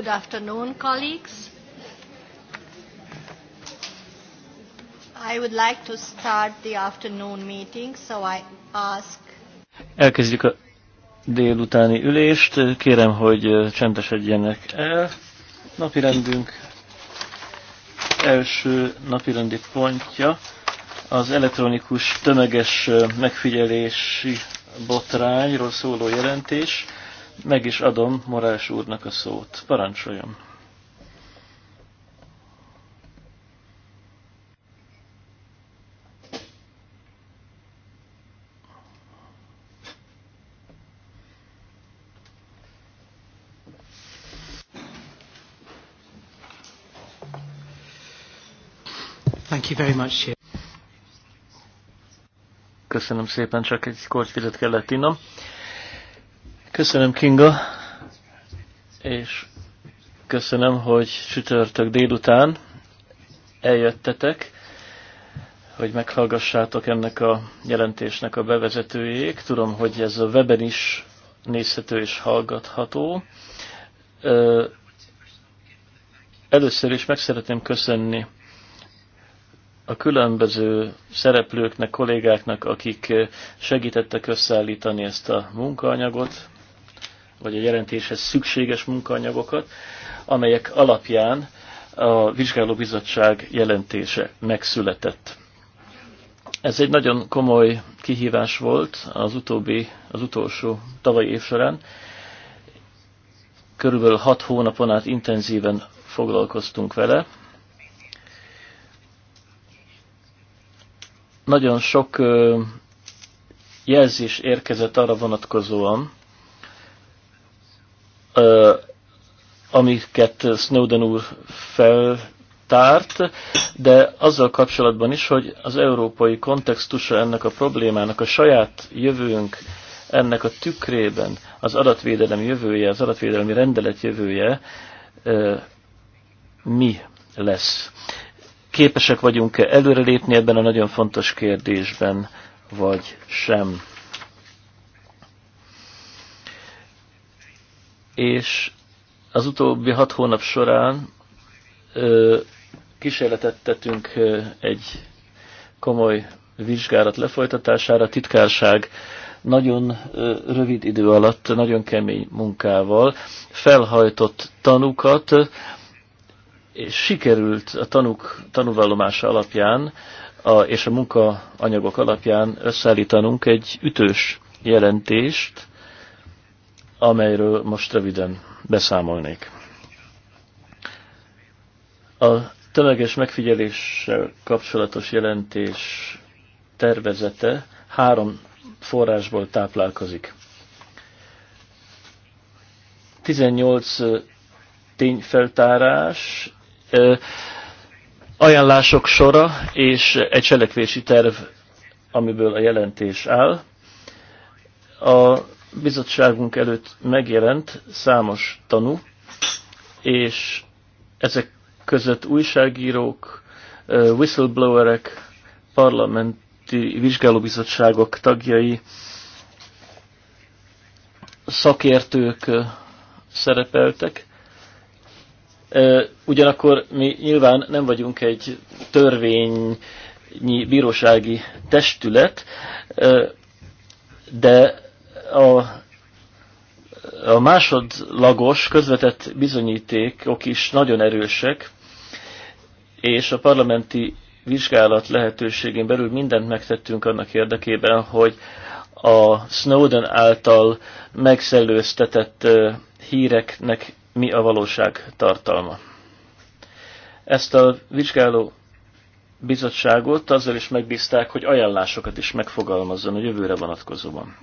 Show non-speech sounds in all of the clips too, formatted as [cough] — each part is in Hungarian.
Good afternoon, colleagues. I would like to start the afternoon meeting, so I ask... Elkezdjük a délutáni ülést. Kérem, hogy csendesedjenek el. Napirendünk első napirendi pontja az elektronikus tömeges megfigyelési botrányról szóló jelentés. Meg is adom Morás úrnak a szót. Parancsoljon! Köszönöm szépen, csak egy kortyvizet kellett innom. Köszönöm Kinga, és köszönöm, hogy csütörtök délután eljöttetek, hogy meghallgassátok ennek a jelentésnek a bevezetőjét. Tudom, hogy ez a weben is nézhető és hallgatható. Először is meg szeretném köszönni a különböző szereplőknek, kollégáknak, akik segítettek összeállítani ezt a munkaanyagot, vagy a jelentéshez szükséges munkaanyagokat, amelyek alapján a vizsgálóbizottság jelentése megszületett. Ez egy nagyon komoly kihívás volt az utóbbi, az utolsó tavalyi év során. Körülbelül hat hónapon át intenzíven foglalkoztunk vele. Nagyon sok jelzés érkezett arra vonatkozóan, amiket Snowden úr feltárt, de azzal kapcsolatban is, hogy az európai kontextusa ennek a problémának, a saját jövőnk ennek a tükrében az adatvédelem jövője, az adatvédelmi rendelet jövője mi lesz. Képesek vagyunk-e előrelépni ebben a nagyon fontos kérdésben, vagy sem? és az utóbbi hat hónap során ö, kísérletet tettünk ö, egy komoly vizsgálat lefolytatására. A titkárság nagyon ö, rövid idő alatt, nagyon kemény munkával felhajtott tanukat, és sikerült a tanuk tanúvallomása alapján a, és a munkaanyagok alapján összeállítanunk egy ütős jelentést, amelyről most röviden beszámolnék. A tömeges megfigyeléssel kapcsolatos jelentés tervezete három forrásból táplálkozik. 18 tényfeltárás, ajánlások sora és egy cselekvési terv, amiből a jelentés áll. A bizottságunk előtt megjelent számos tanú, és ezek között újságírók, whistleblowerek, parlamenti vizsgálóbizottságok tagjai, szakértők szerepeltek. Ugyanakkor mi nyilván nem vagyunk egy törvényi bírósági testület, de a, a másodlagos közvetett bizonyítékok is nagyon erősek, és a parlamenti vizsgálat lehetőségén belül mindent megtettünk annak érdekében, hogy a Snowden által megszellőztetett híreknek mi a valóság tartalma. Ezt a vizsgáló bizottságot azzal is megbízták, hogy ajánlásokat is megfogalmazzon a jövőre vonatkozóan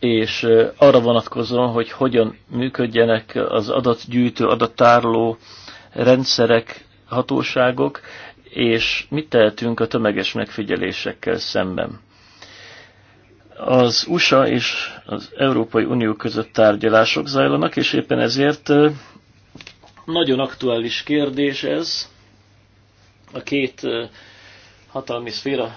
és arra vonatkozóan, hogy hogyan működjenek az adatgyűjtő, adattárló rendszerek, hatóságok, és mit tehetünk a tömeges megfigyelésekkel szemben. Az USA és az Európai Unió között tárgyalások zajlanak, és éppen ezért nagyon aktuális kérdés ez a két hatalmi szféra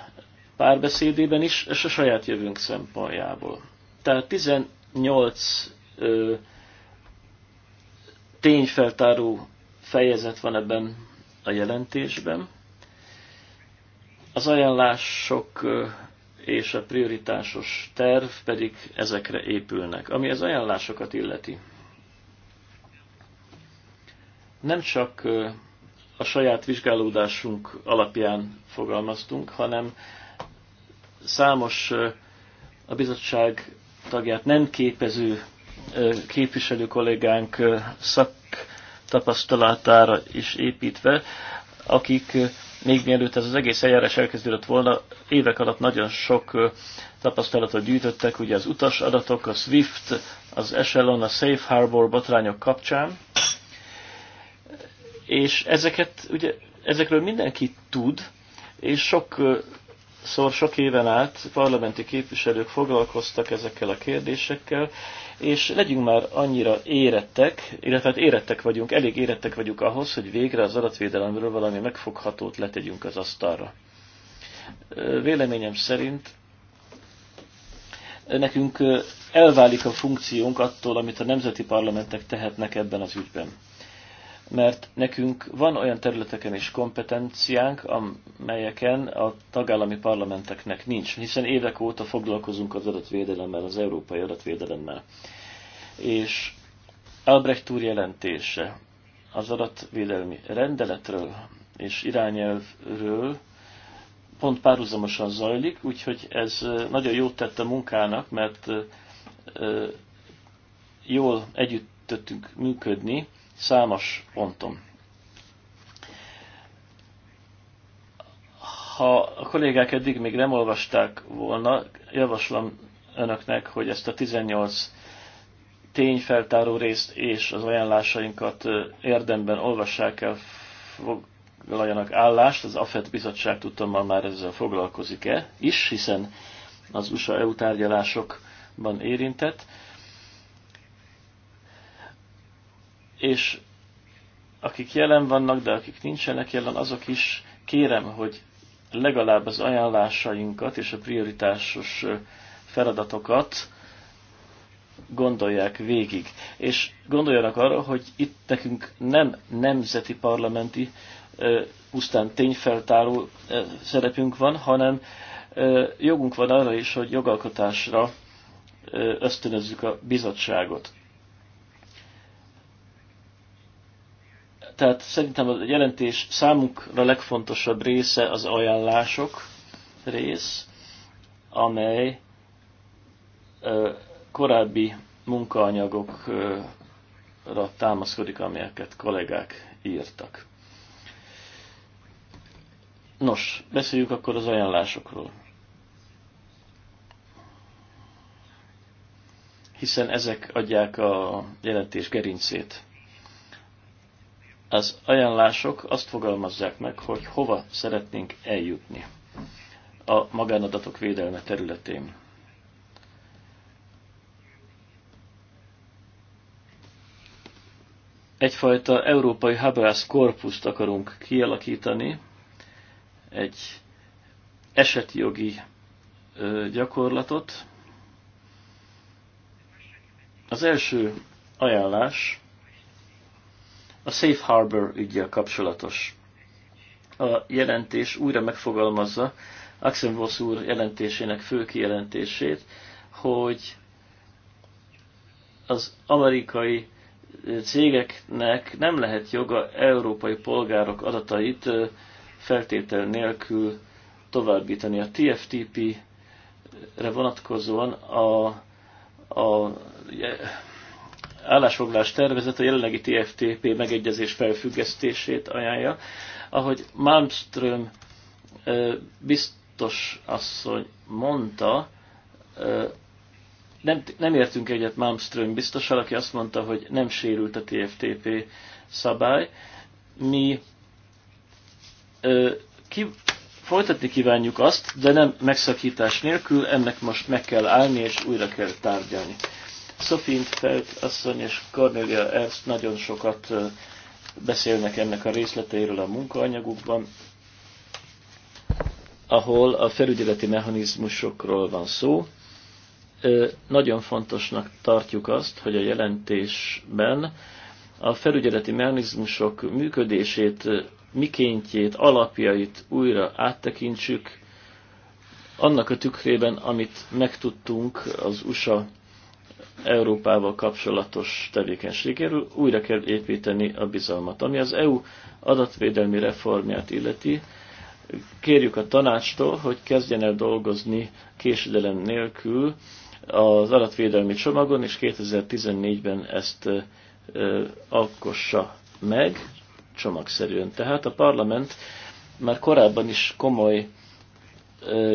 párbeszédében is, és a saját jövőnk szempontjából. Tehát 18 ö, tényfeltáró fejezet van ebben a jelentésben. Az ajánlások és a prioritásos terv pedig ezekre épülnek. Ami az ajánlásokat illeti, nem csak a saját vizsgálódásunk alapján fogalmaztunk, hanem számos a bizottság tagját nem képező képviselő kollégánk szaktapasztalatára is építve, akik még mielőtt ez az egész eljárás elkezdődött volna, évek alatt nagyon sok tapasztalatot gyűjtöttek, ugye az utas adatok, a SWIFT, az Echelon, a Safe Harbor botrányok kapcsán, és ezeket, ugye, ezekről mindenki tud, és sok Szóval sok éven át parlamenti képviselők foglalkoztak ezekkel a kérdésekkel, és legyünk már annyira érettek, illetve hát érettek vagyunk, elég érettek vagyunk ahhoz, hogy végre az adatvédelemről valami megfoghatót letegyünk az asztalra. Véleményem szerint nekünk elválik a funkciónk attól, amit a nemzeti parlamentek tehetnek ebben az ügyben mert nekünk van olyan területeken is kompetenciánk, amelyeken a tagállami parlamenteknek nincs, hiszen évek óta foglalkozunk az adatvédelemmel, az európai adatvédelemmel. És Albrecht úr jelentése az adatvédelmi rendeletről és irányelvről pont párhuzamosan zajlik, úgyhogy ez nagyon jót tett a munkának, mert jól együtt tettünk működni, számos ponton. Ha a kollégák eddig még nem olvasták volna, javaslom önöknek, hogy ezt a 18 tényfeltáró részt és az ajánlásainkat érdemben olvassák el, foglaljanak állást. Az AFET bizottság tudtommal már ezzel foglalkozik-e is, hiszen az USA-EU tárgyalásokban érintett. és akik jelen vannak, de akik nincsenek jelen, azok is kérem, hogy legalább az ajánlásainkat és a prioritásos feladatokat gondolják végig. És gondoljanak arra, hogy itt nekünk nem nemzeti parlamenti, pusztán tényfeltáró szerepünk van, hanem jogunk van arra is, hogy jogalkotásra ösztönözzük a bizottságot. Tehát szerintem a jelentés számunkra legfontosabb része az ajánlások rész, amely korábbi munkaanyagokra támaszkodik, amelyeket kollégák írtak. Nos, beszéljünk akkor az ajánlásokról. Hiszen ezek adják a jelentés gerincét. Az ajánlások azt fogalmazzák meg, hogy hova szeretnénk eljutni a magánadatok védelme területén. Egyfajta európai habeas korpuszt akarunk kialakítani, egy esetjogi gyakorlatot. Az első ajánlás a Safe Harbor ügyjel kapcsolatos. A jelentés újra megfogalmazza Axel Voss úr jelentésének fő kijelentését, hogy az amerikai cégeknek nem lehet joga európai polgárok adatait feltétel nélkül továbbítani. A TFTP-re vonatkozóan a, a állásfoglalás tervezet a jelenlegi TFTP megegyezés felfüggesztését ajánlja. Ahogy Malmström biztos asszony mondta, nem, nem értünk egyet Malmström biztossal, aki azt mondta, hogy nem sérült a TFTP szabály. Mi ki, folytatni kívánjuk azt, de nem megszakítás nélkül, ennek most meg kell állni és újra kell tárgyalni. Sophie felt, asszony és Cornelia Ernst nagyon sokat beszélnek ennek a részleteiről a munkaanyagukban, ahol a felügyeleti mechanizmusokról van szó. Nagyon fontosnak tartjuk azt, hogy a jelentésben a felügyeleti mechanizmusok működését, mikéntjét, alapjait újra áttekintsük, annak a tükrében, amit megtudtunk az USA Európával kapcsolatos tevékenységéről újra kell építeni a bizalmat. Ami az EU adatvédelmi reformját illeti, kérjük a tanácstól, hogy kezdjen el dolgozni késedelem nélkül az adatvédelmi csomagon, és 2014-ben ezt alkossa meg, csomagszerűen. Tehát a parlament már korábban is komoly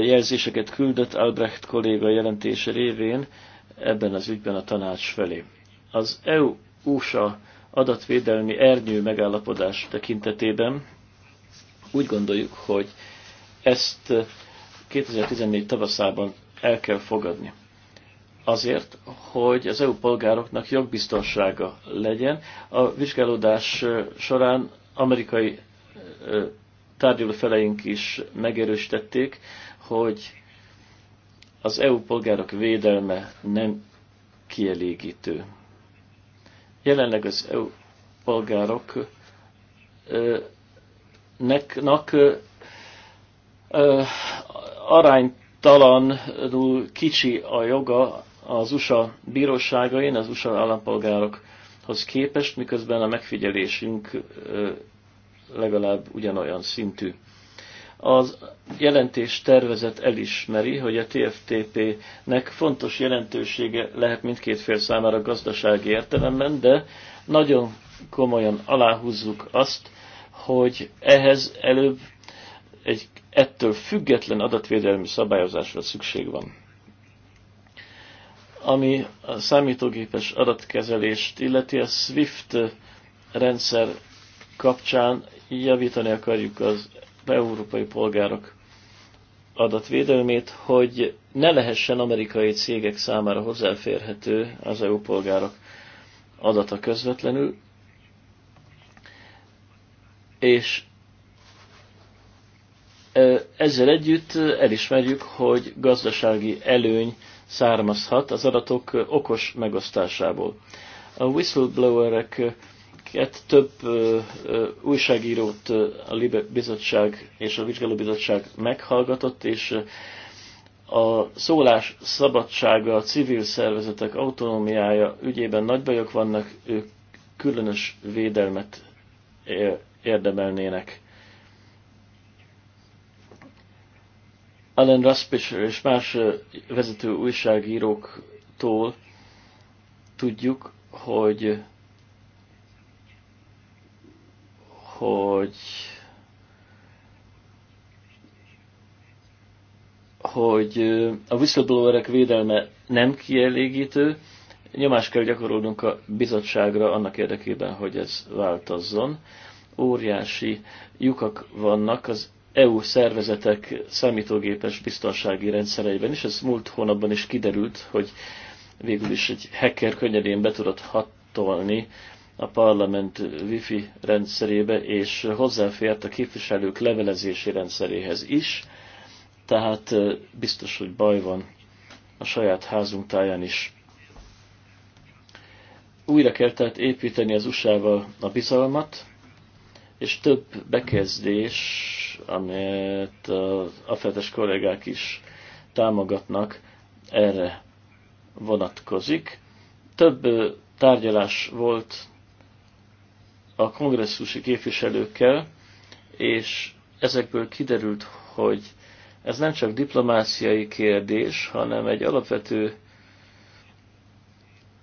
jelzéseket küldött Albrecht kolléga jelentése révén, ebben az ügyben a tanács felé. Az EU-USA adatvédelmi ernyő megállapodás tekintetében úgy gondoljuk, hogy ezt 2014 tavaszában el kell fogadni. Azért, hogy az EU polgároknak jogbiztonsága legyen. A vizsgálódás során amerikai tárgyalófeleink is megerősítették, hogy az EU polgárok védelme nem kielégítő. Jelenleg az EU polgárok neknak aránytalanul kicsi a joga az USA bíróságain, az USA állampolgárokhoz képest, miközben a megfigyelésünk legalább ugyanolyan szintű. Az jelentés tervezet elismeri, hogy a TFTP-nek fontos jelentősége lehet mindkét fél számára gazdasági értelemben, de nagyon komolyan aláhúzzuk azt, hogy ehhez előbb egy ettől független adatvédelmi szabályozásra szükség van. Ami a számítógépes adatkezelést illeti, a SWIFT rendszer kapcsán javítani akarjuk az európai polgárok adatvédelmét, hogy ne lehessen amerikai cégek számára hozzáférhető az EU polgárok adata közvetlenül, és ezzel együtt elismerjük, hogy gazdasági előny származhat az adatok okos megosztásából. A whistleblowerek cikket, több ö, ö, újságírót a Libe Bizottság és a Vizsgálóbizottság meghallgatott, és a szólás szabadsága, a civil szervezetek autonómiája ügyében nagy bajok vannak, ők különös védelmet érdemelnének. Alan Raspisher és más vezető újságíróktól tudjuk, hogy hogy hogy a whistleblowerek védelme nem kielégítő, nyomást kell gyakorolnunk a bizottságra annak érdekében, hogy ez változzon. Óriási lyukak vannak az EU szervezetek számítógépes biztonsági rendszereiben és Ez múlt hónapban is kiderült, hogy végül is egy hacker könnyedén be tudott hatolni a parlament wifi rendszerébe, és hozzáfért a képviselők levelezési rendszeréhez is, tehát biztos, hogy baj van a saját házunk táján is. Újra kell tehát építeni az USA-val a bizalmat, és több bekezdés, amelyet az afetes kollégák is támogatnak, erre vonatkozik. Több tárgyalás volt a kongresszusi képviselőkkel, és ezekből kiderült, hogy ez nem csak diplomáciai kérdés, hanem egy alapvető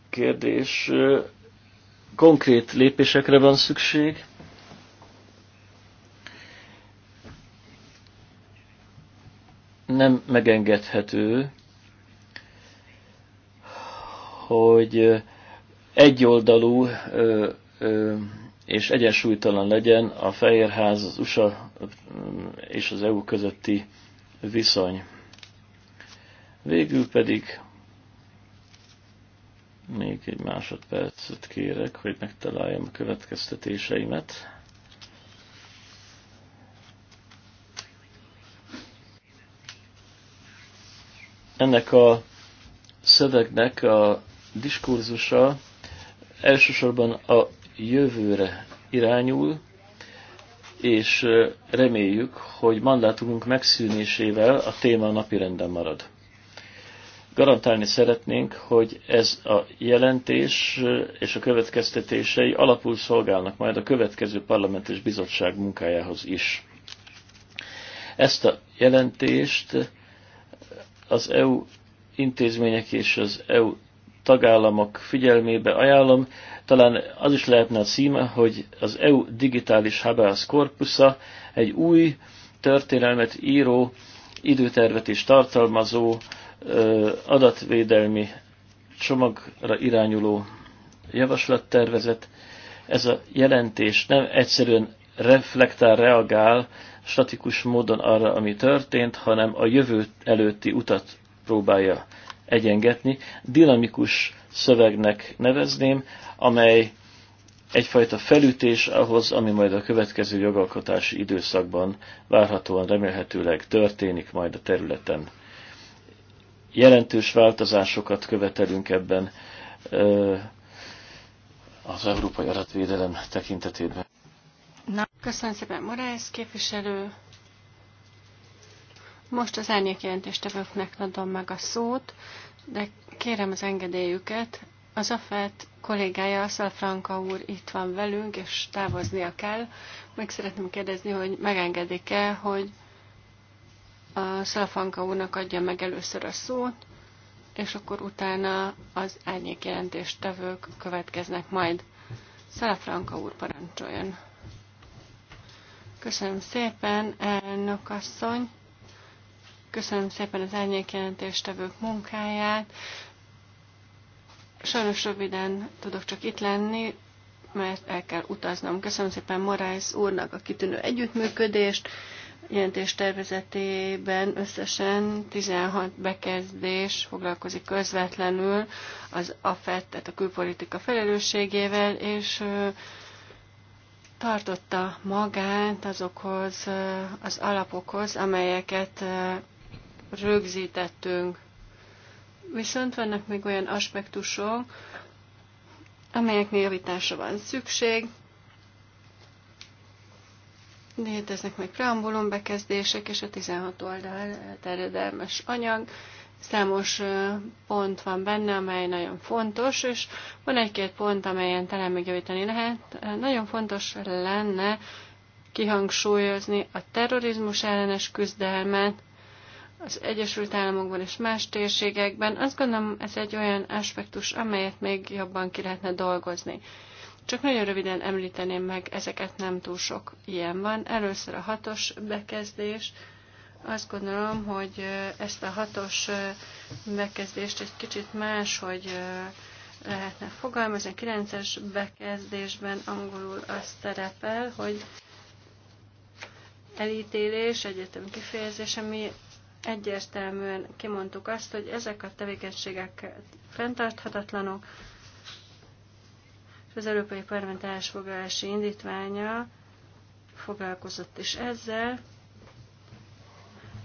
kérdés, konkrét lépésekre van szükség. Nem megengedhető, hogy egyoldalú és egyensúlytalan legyen a Fehérház, az USA mm, és az EU közötti viszony. Végül pedig még egy másodpercet kérek, hogy megtaláljam a következtetéseimet. Ennek a szövegnek a diskurzusa elsősorban a jövőre irányul, és reméljük, hogy mandátumunk megszűnésével a téma napirenden marad. Garantálni szeretnénk, hogy ez a jelentés és a következtetései alapul szolgálnak majd a következő parlament és bizottság munkájához is. Ezt a jelentést az EU intézmények és az EU tagállamok figyelmébe ajánlom. Talán az is lehetne a címe, hogy az EU digitális habeas corpusa egy új történelmet író, időtervet is tartalmazó, adatvédelmi csomagra irányuló javaslattervezet. Ez a jelentés nem egyszerűen reflektál, reagál statikus módon arra, ami történt, hanem a jövő előtti utat próbálja egyengetni. Dinamikus szövegnek nevezném, amely egyfajta felütés ahhoz, ami majd a következő jogalkotási időszakban várhatóan remélhetőleg történik majd a területen. Jelentős változásokat követelünk ebben az európai adatvédelem tekintetében. Na, köszönöm szépen, Moraes képviselő. Most az jelentéstevőknek adom meg a szót, de kérem az engedélyüket. Az AFET kollégája, Franka úr itt van velünk, és távoznia kell. Meg szeretném kérdezni, hogy megengedik-e, hogy a Franka úrnak adja meg először a szót, és akkor utána az jelentéstevők következnek majd. Franka úr parancsoljon. Köszönöm szépen, elnök asszony. Köszönöm szépen az árnyékjelentéstevők munkáját. Sajnos röviden tudok csak itt lenni, mert el kell utaznom. Köszönöm szépen Morász úrnak a kitűnő együttműködést. Jelentés tervezetében összesen 16 bekezdés foglalkozik közvetlenül az AFET, tehát a külpolitika felelősségével, és tartotta magát azokhoz az alapokhoz, amelyeket rögzítettünk. Viszont vannak még olyan aspektusok, amelyeknél javításra van szükség, léteznek még preambulum bekezdések, és a 16 oldal terjedelmes anyag. Számos pont van benne, amely nagyon fontos, és van egy-két pont, amelyen talán még javítani lehet. Nagyon fontos lenne kihangsúlyozni a terrorizmus ellenes küzdelmet, az Egyesült Államokban és más térségekben. Azt gondolom, ez egy olyan aspektus, amelyet még jobban ki lehetne dolgozni. Csak nagyon röviden említeném meg, ezeket nem túl sok ilyen van. Először a hatos bekezdés. Azt gondolom, hogy ezt a hatos bekezdést egy kicsit más, hogy lehetne fogalmazni. A kilences bekezdésben angolul az szerepel, hogy elítélés, egyetem kifejezés, ami egyértelműen kimondtuk azt, hogy ezek a tevékenységek fenntarthatatlanok, és az Európai Parlament állásfoglalási indítványa foglalkozott is ezzel.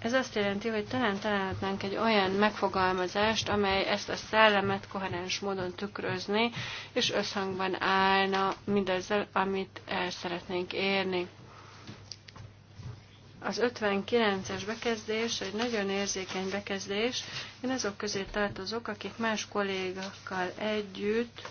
Ez azt jelenti, hogy talán találhatnánk egy olyan megfogalmazást, amely ezt a szellemet koherens módon tükrözni, és összhangban állna mindezzel, amit el szeretnénk érni. Az 59-es bekezdés egy nagyon érzékeny bekezdés. Én azok közé tartozok, akik más kollégakkal együtt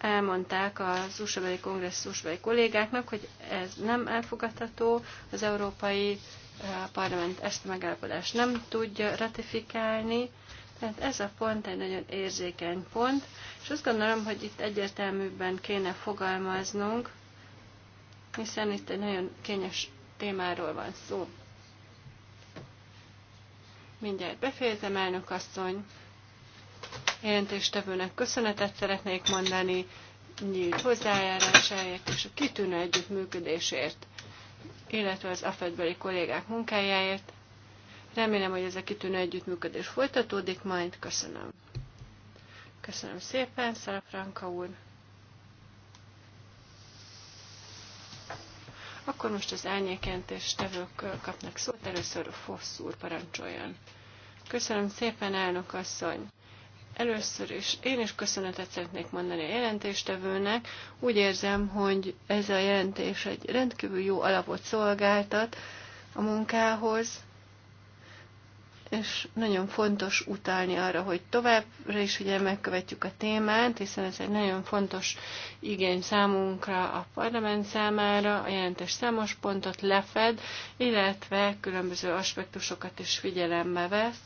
elmondták az USA-beli kongresszusbeli kollégáknak, hogy ez nem elfogadható, az Európai eh, Parlament ezt a megállapodást nem tudja ratifikálni, tehát ez a pont egy nagyon érzékeny pont, és azt gondolom, hogy itt egyértelműbben kéne fogalmaznunk, hiszen itt egy nagyon kényes témáról van szó. Mindjárt befejezem, elnök asszony. Jelentéstevőnek köszönetet szeretnék mondani nyílt hozzájárásáért és a kitűnő együttműködésért, illetve az afedbeli kollégák munkájáért. Remélem, hogy ez a kitűnő együttműködés folytatódik majd. Köszönöm. Köszönöm szépen, Szara Franka úr. Akkor most az és tevők kapnak szót. Először Fossz úr parancsoljon. Köszönöm szépen, elnök asszony! Először is én is köszönetet szeretnék mondani a jelentéstevőnek. Úgy érzem, hogy ez a jelentés egy rendkívül jó alapot szolgáltat a munkához, és nagyon fontos utálni arra, hogy továbbra is ugye megkövetjük a témát, hiszen ez egy nagyon fontos igény számunkra a parlament számára, a jelentés számos pontot lefed, illetve különböző aspektusokat is figyelembe vesz,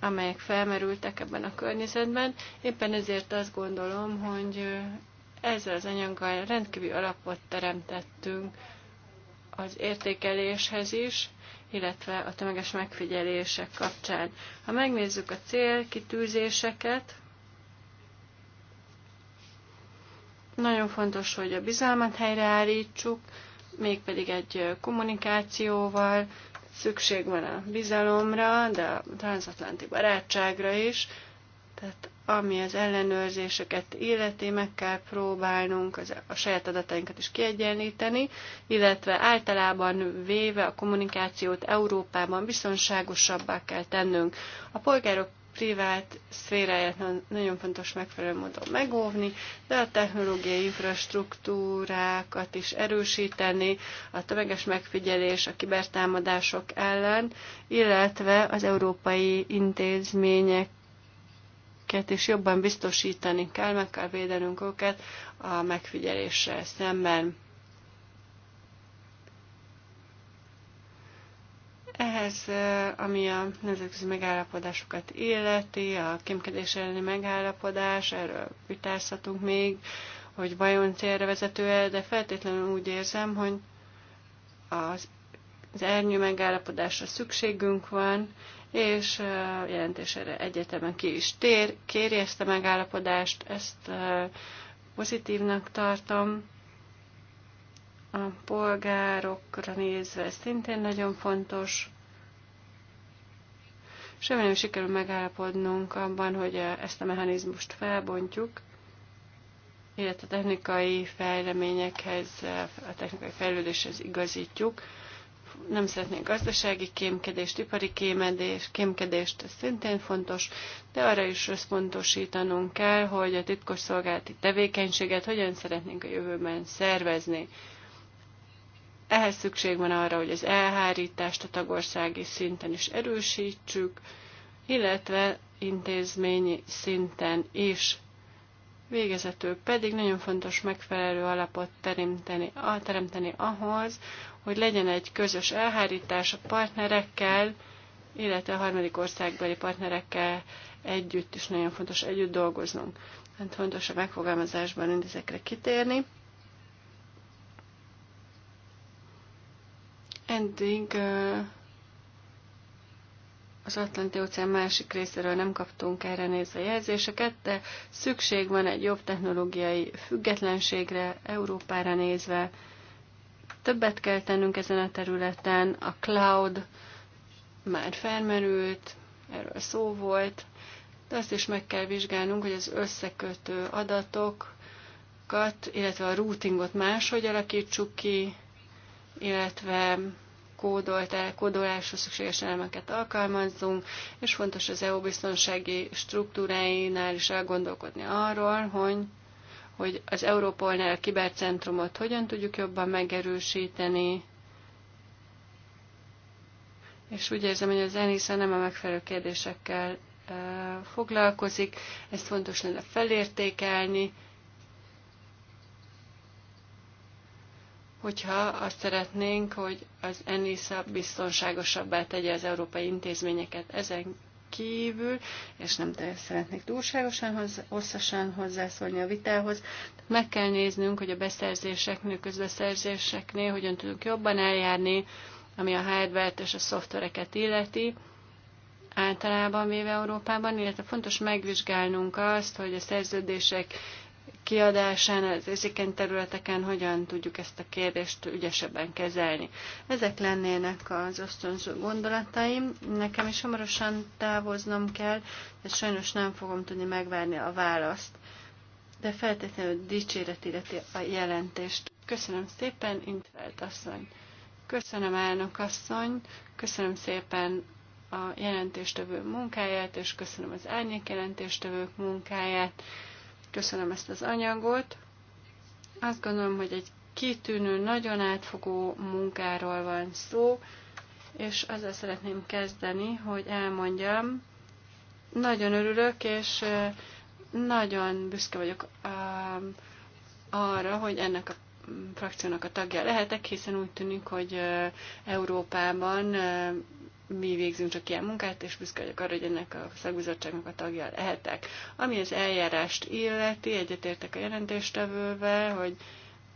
amelyek felmerültek ebben a környezetben. Éppen ezért azt gondolom, hogy ezzel az anyaggal rendkívül alapot teremtettünk az értékeléshez is, illetve a tömeges megfigyelések kapcsán. Ha megnézzük a célkitűzéseket, nagyon fontos, hogy a bizalmat helyreállítsuk, mégpedig egy kommunikációval, szükség van a bizalomra, de a transatlanti barátságra is, tehát ami az ellenőrzéseket illeti, meg kell próbálnunk az, a saját adatainkat is kiegyenlíteni, illetve általában véve a kommunikációt Európában biztonságosabbá kell tennünk. A polgárok privát szféráját nagyon fontos megfelelő módon megóvni, de a technológiai infrastruktúrákat is erősíteni, a tömeges megfigyelés a kibertámadások ellen, illetve az európai intézmények őket, és jobban biztosítani kell, meg kell védenünk őket a megfigyeléssel szemben. Ehhez, eh, ami a nemzetközi megállapodásokat illeti, a kémkedés elleni megállapodás, erről vitázhatunk még, hogy vajon célra vezető el, de feltétlenül úgy érzem, hogy az, az ernyő megállapodásra szükségünk van, és jelentésére egyetemen ki is tér, kéri ezt a megállapodást, ezt pozitívnak tartom. A polgárokra nézve ez szintén nagyon fontos. semmi nem sikerül megállapodnunk abban, hogy ezt a mechanizmust felbontjuk, illetve a technikai fejleményekhez, a technikai fejlődéshez igazítjuk, nem szeretnénk gazdasági kémkedést, ipari kémedés, kémkedést, ez szintén fontos, de arra is összpontosítanunk kell, hogy a szolgálati tevékenységet hogyan szeretnénk a jövőben szervezni. Ehhez szükség van arra, hogy az elhárítást a tagországi szinten is erősítsük, illetve intézményi szinten is. Végezetül pedig nagyon fontos megfelelő alapot teremteni, teremteni ahhoz, hogy legyen egy közös elhárítás a partnerekkel, illetve a harmadik országbeli partnerekkel együtt is nagyon fontos együtt dolgoznunk. Hát fontos a megfogalmazásban mindezekre kitérni. Eddig az Atlanti óceán másik részéről nem kaptunk erre nézve jelzéseket, de szükség van egy jobb technológiai függetlenségre Európára nézve, Többet kell tennünk ezen a területen, a cloud már felmerült, erről szó volt, de azt is meg kell vizsgálnunk, hogy az összekötő adatokat, illetve a routingot máshogy alakítsuk ki, illetve kódolt, kódoláshoz szükséges elemeket alkalmazzunk, és fontos az EU biztonsági struktúráinál is elgondolkodni arról, hogy hogy az Európolnál a kibercentrumot hogyan tudjuk jobban megerősíteni, és úgy érzem, hogy az ENISA nem a megfelelő kérdésekkel foglalkozik, ezt fontos lenne felértékelni, hogyha azt szeretnénk, hogy az ENISA biztonságosabbá tegye az európai intézményeket. Ezen kívül, és nem szeretnék túlságosan hosszasan hozzászólni a vitához. Meg kell néznünk, hogy a beszerzéseknél, közbeszerzéseknél hogyan tudunk jobban eljárni, ami a hardware-t és a szoftvereket illeti általában véve Európában, illetve fontos megvizsgálnunk azt, hogy a szerződések Kiadásán az érzékeny területeken hogyan tudjuk ezt a kérdést ügyesebben kezelni. Ezek lennének az ösztönző gondolataim. Nekem is hamarosan távoznom kell, de sajnos nem fogom tudni megvárni a választ. De feltétlenül dicséret illeti a jelentést. Köszönöm szépen, Intvelt asszony. Köszönöm, elnök asszony. Köszönöm szépen a jelentéstevő munkáját, és köszönöm az árnyék jelentéstevők munkáját Köszönöm ezt az anyagot. Azt gondolom, hogy egy kitűnő, nagyon átfogó munkáról van szó, és azzal szeretném kezdeni, hogy elmondjam, nagyon örülök, és nagyon büszke vagyok arra, hogy ennek a frakciónak a tagja lehetek, hiszen úgy tűnik, hogy Európában mi végzünk csak ilyen munkát, és büszke vagyok arra, hogy ennek a szakbizottságnak a tagja lehetek. Ami az eljárást illeti, egyetértek a jelentéstevővel, hogy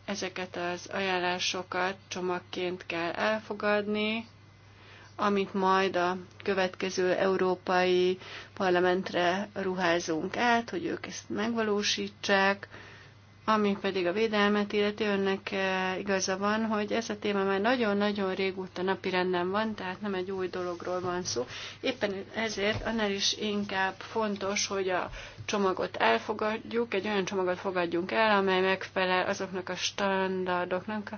ezeket az ajánlásokat csomagként kell elfogadni, amit majd a következő európai parlamentre ruházunk át, hogy ők ezt megvalósítsák. Ami pedig a védelmet illeti, önnek eh, igaza van, hogy ez a téma már nagyon-nagyon régóta napirenden van, tehát nem egy új dologról van szó. Éppen ezért annál is inkább fontos, hogy a csomagot elfogadjuk, egy olyan csomagot fogadjunk el, amely megfelel azoknak a standardoknak,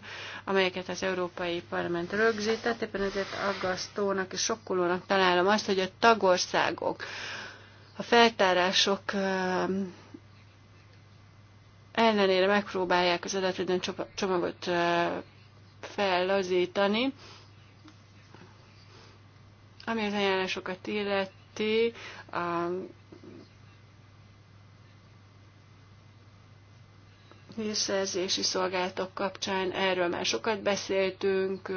amelyeket az Európai Parlament rögzített. Éppen ezért aggasztónak és sokkolónak találom azt, hogy a tagországok a feltárások eh, ellenére megpróbálják az adatvédelmi csomagot fellazítani. Ami az ajánlásokat illeti, a hírszerzési szolgáltak kapcsán erről már sokat beszéltünk,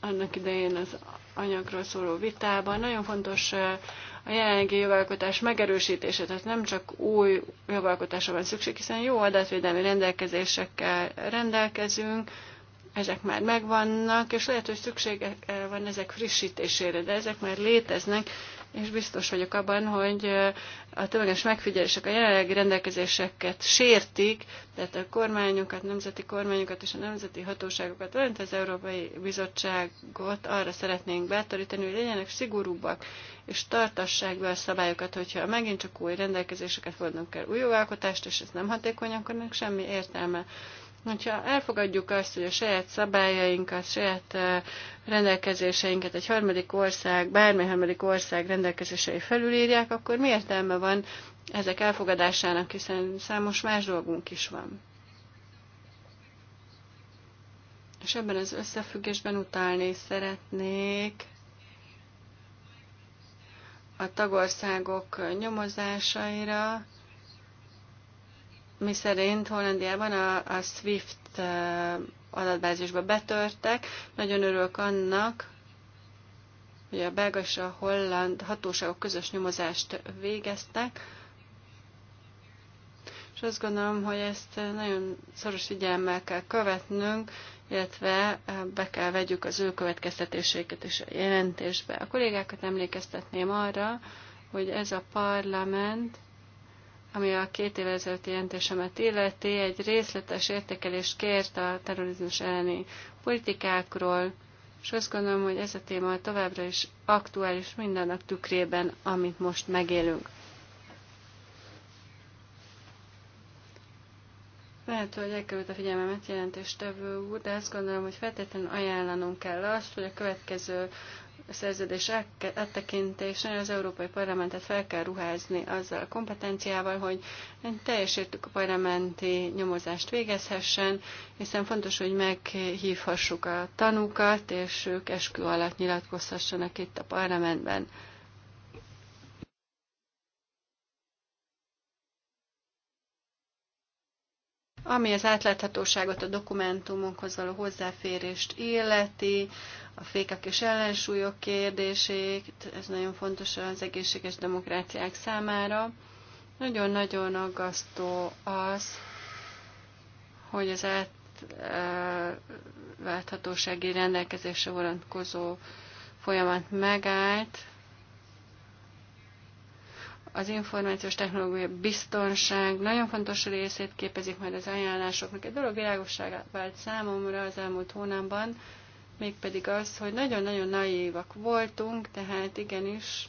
annak idején az anyagról szóló vitában. Nagyon fontos a jelenlegi jogalkotás megerősítése, tehát nem csak új jogalkotásra van szükség, hiszen jó adatvédelmi rendelkezésekkel rendelkezünk, ezek már megvannak, és lehet, hogy szükség van ezek frissítésére, de ezek már léteznek, és biztos vagyok abban, hogy a tömeges megfigyelések a jelenlegi rendelkezéseket sértik, tehát a kormányokat, nemzeti kormányokat és a nemzeti hatóságokat, valamint az Európai Bizottságot arra szeretnénk bátorítani, hogy legyenek szigorúbbak, és tartassák be a szabályokat, hogyha megint csak új rendelkezéseket fordulnak el új jogalkotást, és ez nem hatékony, akkor semmi értelme. Hogyha elfogadjuk azt, hogy a saját szabályainkat, a saját eh, rendelkezéseinket egy harmadik ország, bármely harmadik ország rendelkezései felülírják, akkor mi értelme van ezek elfogadásának, hiszen számos más dolgunk is van. És ebben az összefüggésben utálni szeretnék a tagországok nyomozásaira, mi szerint Hollandiában a, a SWIFT eh, adatbázisba betörtek. Nagyon örülök annak, hogy a belga és a holland hatóságok közös nyomozást végeztek, és azt gondolom, hogy ezt nagyon szoros figyelemmel kell követnünk, illetve eh, be kell vegyük az ő következtetéseiket is a jelentésbe. A kollégákat emlékeztetném arra, hogy ez a parlament ami a két évvel ezelőtti jelentésemet illeti, egy részletes értékelést kért a terrorizmus elleni politikákról, és azt gondolom, hogy ez a téma továbbra is aktuális mindennek tükrében, amit most megélünk. Lehet, hogy elkerült a figyelmemet jelentéstevő úr, de azt gondolom, hogy feltétlenül ajánlanunk kell azt, hogy a következő a szerződés e- áttekintésnél az Európai Parlamentet fel kell ruházni azzal a kompetenciával, hogy teljesítük a parlamenti nyomozást végezhessen, hiszen fontos, hogy meghívhassuk a tanúkat, és ők eskü alatt nyilatkozhassanak itt a parlamentben. ami az átláthatóságot, a dokumentumokhoz való hozzáférést illeti, a fékek és ellensúlyok kérdését, ez nagyon fontos az egészséges demokráciák számára. Nagyon-nagyon aggasztó az, hogy az átláthatósági rendelkezésre vonatkozó folyamat megállt, az információs technológia biztonság nagyon fontos részét képezik majd az ajánlásoknak. Egy dolog világosság vált számomra az elmúlt hónapban, mégpedig az, hogy nagyon-nagyon naívak voltunk, tehát igenis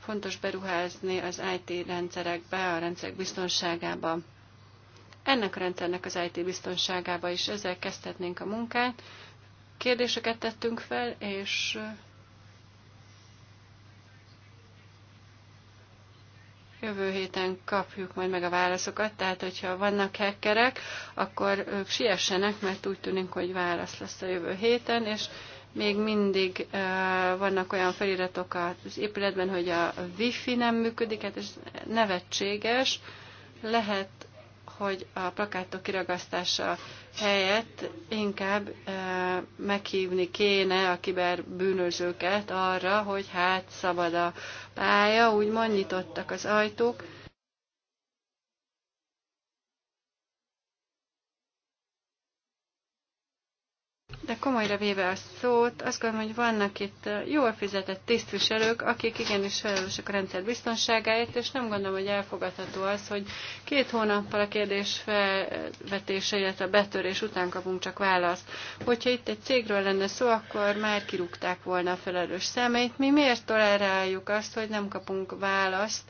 fontos beruházni az IT rendszerekbe, a rendszerek biztonságába. Ennek a rendszernek az IT biztonságába is ezzel kezdhetnénk a munkát. Kérdéseket tettünk fel, és Jövő héten kapjuk majd meg a válaszokat, tehát hogyha vannak hackerek, akkor ők siessenek, mert úgy tűnik, hogy válasz lesz a jövő héten, és még mindig uh, vannak olyan feliratok az épületben, hogy a wifi nem működik, hát ez nevetséges. Lehet hogy a plakátok kiragasztása helyett inkább e, meghívni kéne a kiberbűnözőket arra, hogy hát szabad a pálya, úgymond nyitottak az ajtók, de komolyra véve a szót, azt gondolom, hogy vannak itt jól fizetett tisztviselők, akik igenis felelősek a rendszer biztonságáért, és nem gondolom, hogy elfogadható az, hogy két hónappal a kérdés felvetése, illetve a betörés után kapunk csak választ. Hogyha itt egy cégről lenne szó, akkor már kirúgták volna a felelős szemét. Mi miért toleráljuk azt, hogy nem kapunk választ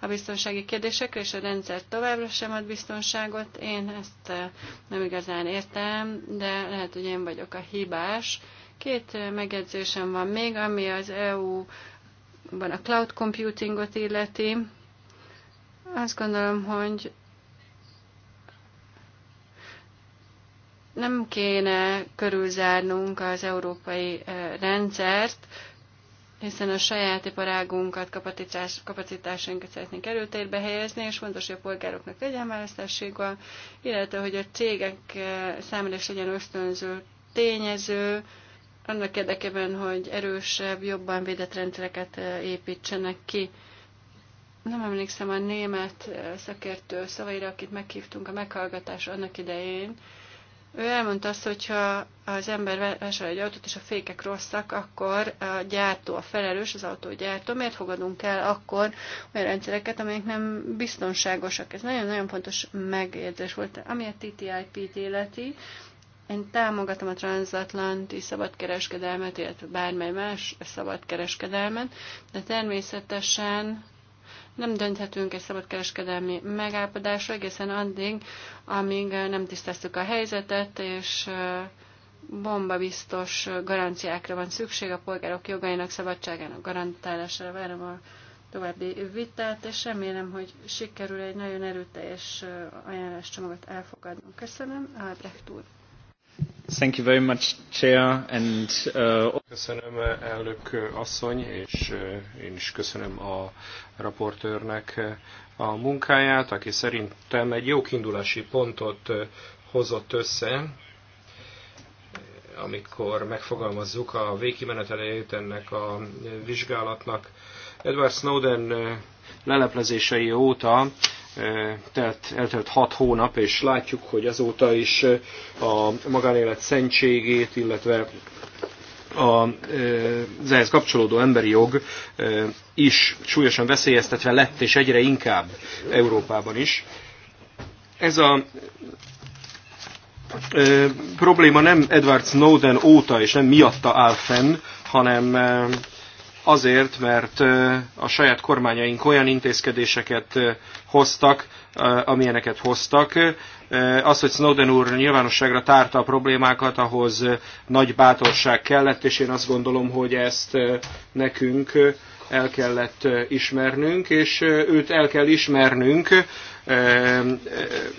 a biztonsági kérdésekre, és a rendszer továbbra sem ad biztonságot. Én ezt eh, nem igazán értem, de lehet, hogy én vagyok a hibás. Két eh, megjegyzésem van még, ami az EU-ban a cloud computingot illeti. Azt gondolom, hogy nem kéne körülzárnunk az európai eh, rendszert, hiszen a saját iparágunkat, kapacitás, kapacitásainkat szeretnénk előtérbe helyezni, és fontos, hogy a polgároknak legyen választásséga, illetve, hogy a cégek eh, számára is legyen ösztönző tényező, annak érdekében, hogy erősebb, jobban védett rendszereket eh, építsenek ki. Nem emlékszem a német eh, szakértő szavaira, akit meghívtunk a meghallgatás annak idején, ő elmondta azt, hogyha az ember vásárol egy autót, és a fékek rosszak, akkor a gyártó, a felelős, az gyártó. Miért fogadunk el akkor olyan rendszereket, amelyek nem biztonságosak? Ez nagyon-nagyon fontos megjegyzés volt, ami a TTIP-t életi. Én támogatom a transatlanti szabadkereskedelmet, illetve bármely más szabadkereskedelmet, de természetesen nem dönthetünk egy szabadkereskedelmi megállapodásra egészen addig, amíg eh, nem tisztáztuk a helyzetet, és eh, bombabiztos garanciákra van szükség a polgárok jogainak, szabadságának garantálására. Várom a további vitát, és remélem, hogy sikerül egy nagyon erőteljes eh, ajánláscsomagot elfogadnunk. Köszönöm, Albrecht úr. Thank you very much, Chair, and, uh... Köszönöm elnök asszony, és uh, én is köszönöm a raportőrnek a munkáját, aki szerintem egy jó kiindulási pontot uh, hozott össze, amikor megfogalmazzuk a végkimenetelejét ennek a vizsgálatnak. Edward Snowden uh, leleplezései óta telt, eltelt hat hónap, és látjuk, hogy azóta is a magánélet szentségét, illetve a, az ehhez kapcsolódó emberi jog is súlyosan veszélyeztetve lett, és egyre inkább Európában is. Ez a e, probléma nem Edward Snowden óta és nem miatta áll fenn, hanem azért, mert a saját kormányaink olyan intézkedéseket hoztak, amilyeneket hoztak. Az, hogy Snowden úr nyilvánosságra tárta a problémákat, ahhoz nagy bátorság kellett, és én azt gondolom, hogy ezt nekünk el kellett ismernünk, és őt el kell ismernünk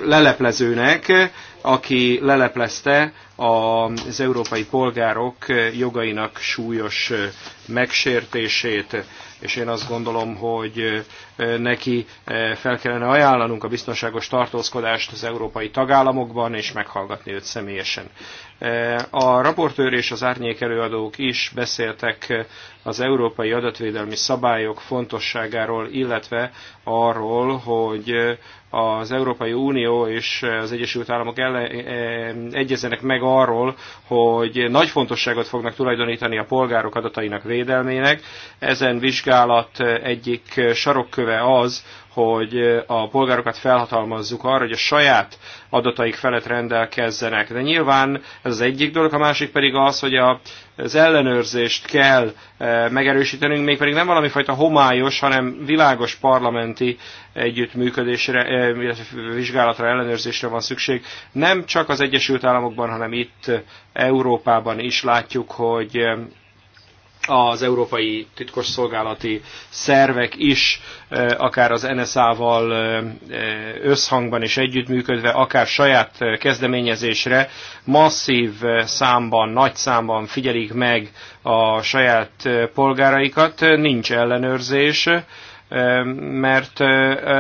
leleplezőnek, aki leleplezte az európai polgárok jogainak súlyos megsértését, és én azt gondolom, hogy neki fel kellene ajánlanunk a biztonságos tartózkodást az európai tagállamokban, és meghallgatni őt személyesen. Eh, a raportőr és az árnyék előadók is beszéltek eh, az európai adatvédelmi szabályok fontosságáról, illetve arról, hogy eh, az Európai Unió és az Egyesült Államok ele, egyezenek meg arról, hogy nagy fontosságot fognak tulajdonítani a polgárok adatainak védelmének. Ezen vizsgálat egyik sarokköve az, hogy a polgárokat felhatalmazzuk arra, hogy a saját adataik felett rendelkezzenek. De nyilván ez az egyik dolog, a másik pedig az, hogy a, az ellenőrzést kell megerősítenünk, mégpedig nem valami fajta homályos, hanem világos parlamenti együttműködésre, illetve vizsgálatra, ellenőrzésre van szükség. Nem csak az Egyesült Államokban, hanem itt Európában is látjuk, hogy az európai titkosszolgálati szervek is, akár az NSA-val összhangban és együttműködve, akár saját kezdeményezésre masszív számban, nagy számban figyelik meg a saját polgáraikat, nincs ellenőrzés, mert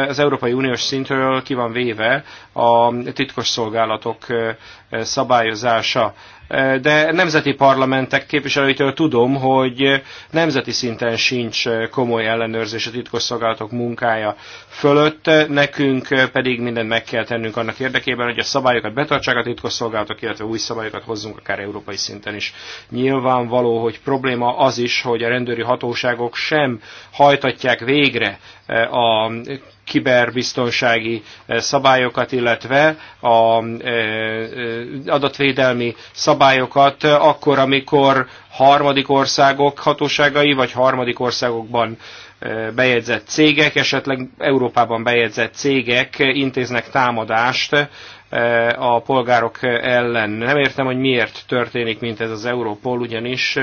az Európai Uniós szintről ki van véve a titkos szolgálatok szabályozása de nemzeti parlamentek képviselőitől tudom, hogy nemzeti szinten sincs komoly ellenőrzés a titkosszolgálatok munkája fölött, nekünk pedig mindent meg kell tennünk annak érdekében, hogy a szabályokat betartsák a titkosszolgálatok, illetve új szabályokat hozzunk akár európai szinten is. Nyilvánvaló, hogy probléma az is, hogy a rendőri hatóságok sem hajtatják végre eh, a kiberbiztonsági eh, szabályokat, illetve a eh, eh, adatvédelmi szabályokat akkor, amikor harmadik országok hatóságai, vagy harmadik országokban bejegyzett cégek, esetleg Európában bejegyzett cégek intéznek támadást a polgárok ellen. Nem értem, hogy miért történik, mint ez az Európol, ugyanis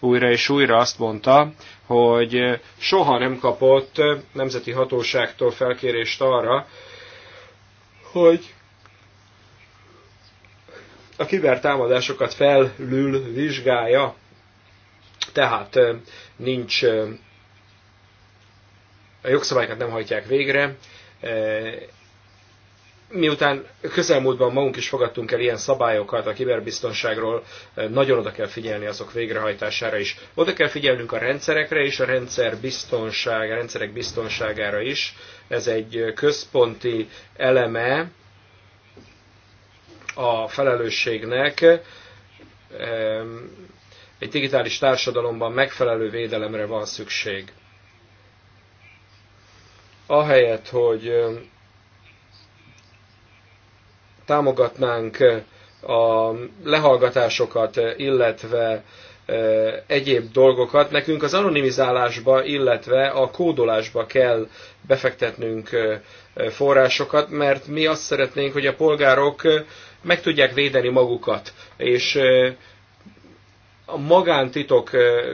újra és újra azt mondta, hogy soha nem kapott nemzeti hatóságtól felkérést arra, hogy a kibertámadásokat felül vizsgálja, tehát nincs a jogszabályokat nem hajtják végre. E, miután közelmúltban magunk is fogadtunk el ilyen szabályokat a kiberbiztonságról, e, nagyon oda kell figyelni azok végrehajtására is. Oda kell figyelnünk a rendszerekre és a rendszer biztonság, a rendszerek biztonságára is. Ez egy központi eleme a felelősségnek e, egy digitális társadalomban megfelelő védelemre van szükség ahelyett, hogy támogatnánk a lehallgatásokat, illetve egyéb dolgokat, nekünk az anonimizálásba, illetve a kódolásba kell befektetnünk forrásokat, mert mi azt szeretnénk, hogy a polgárok meg tudják védeni magukat, és a magántitok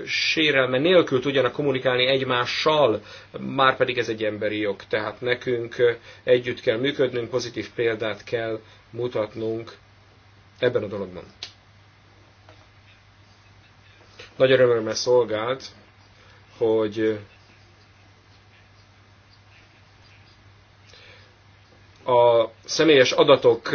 sérelme nélkül tudjanak kommunikálni egymással, már pedig ez egy emberi jog. Tehát nekünk együtt kell működnünk, pozitív példát kell mutatnunk ebben a dologban. Nagy örömmel szolgált, hogy a személyes adatok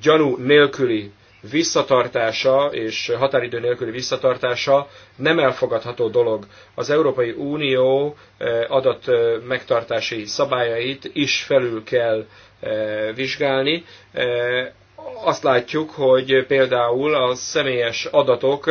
gyanú nélküli visszatartása és határidő nélküli visszatartása nem elfogadható dolog. Az Európai Unió eh, adat eh, megtartási szabályait is felül kell eh, vizsgálni. Azt látjuk, hogy például a személyes adatok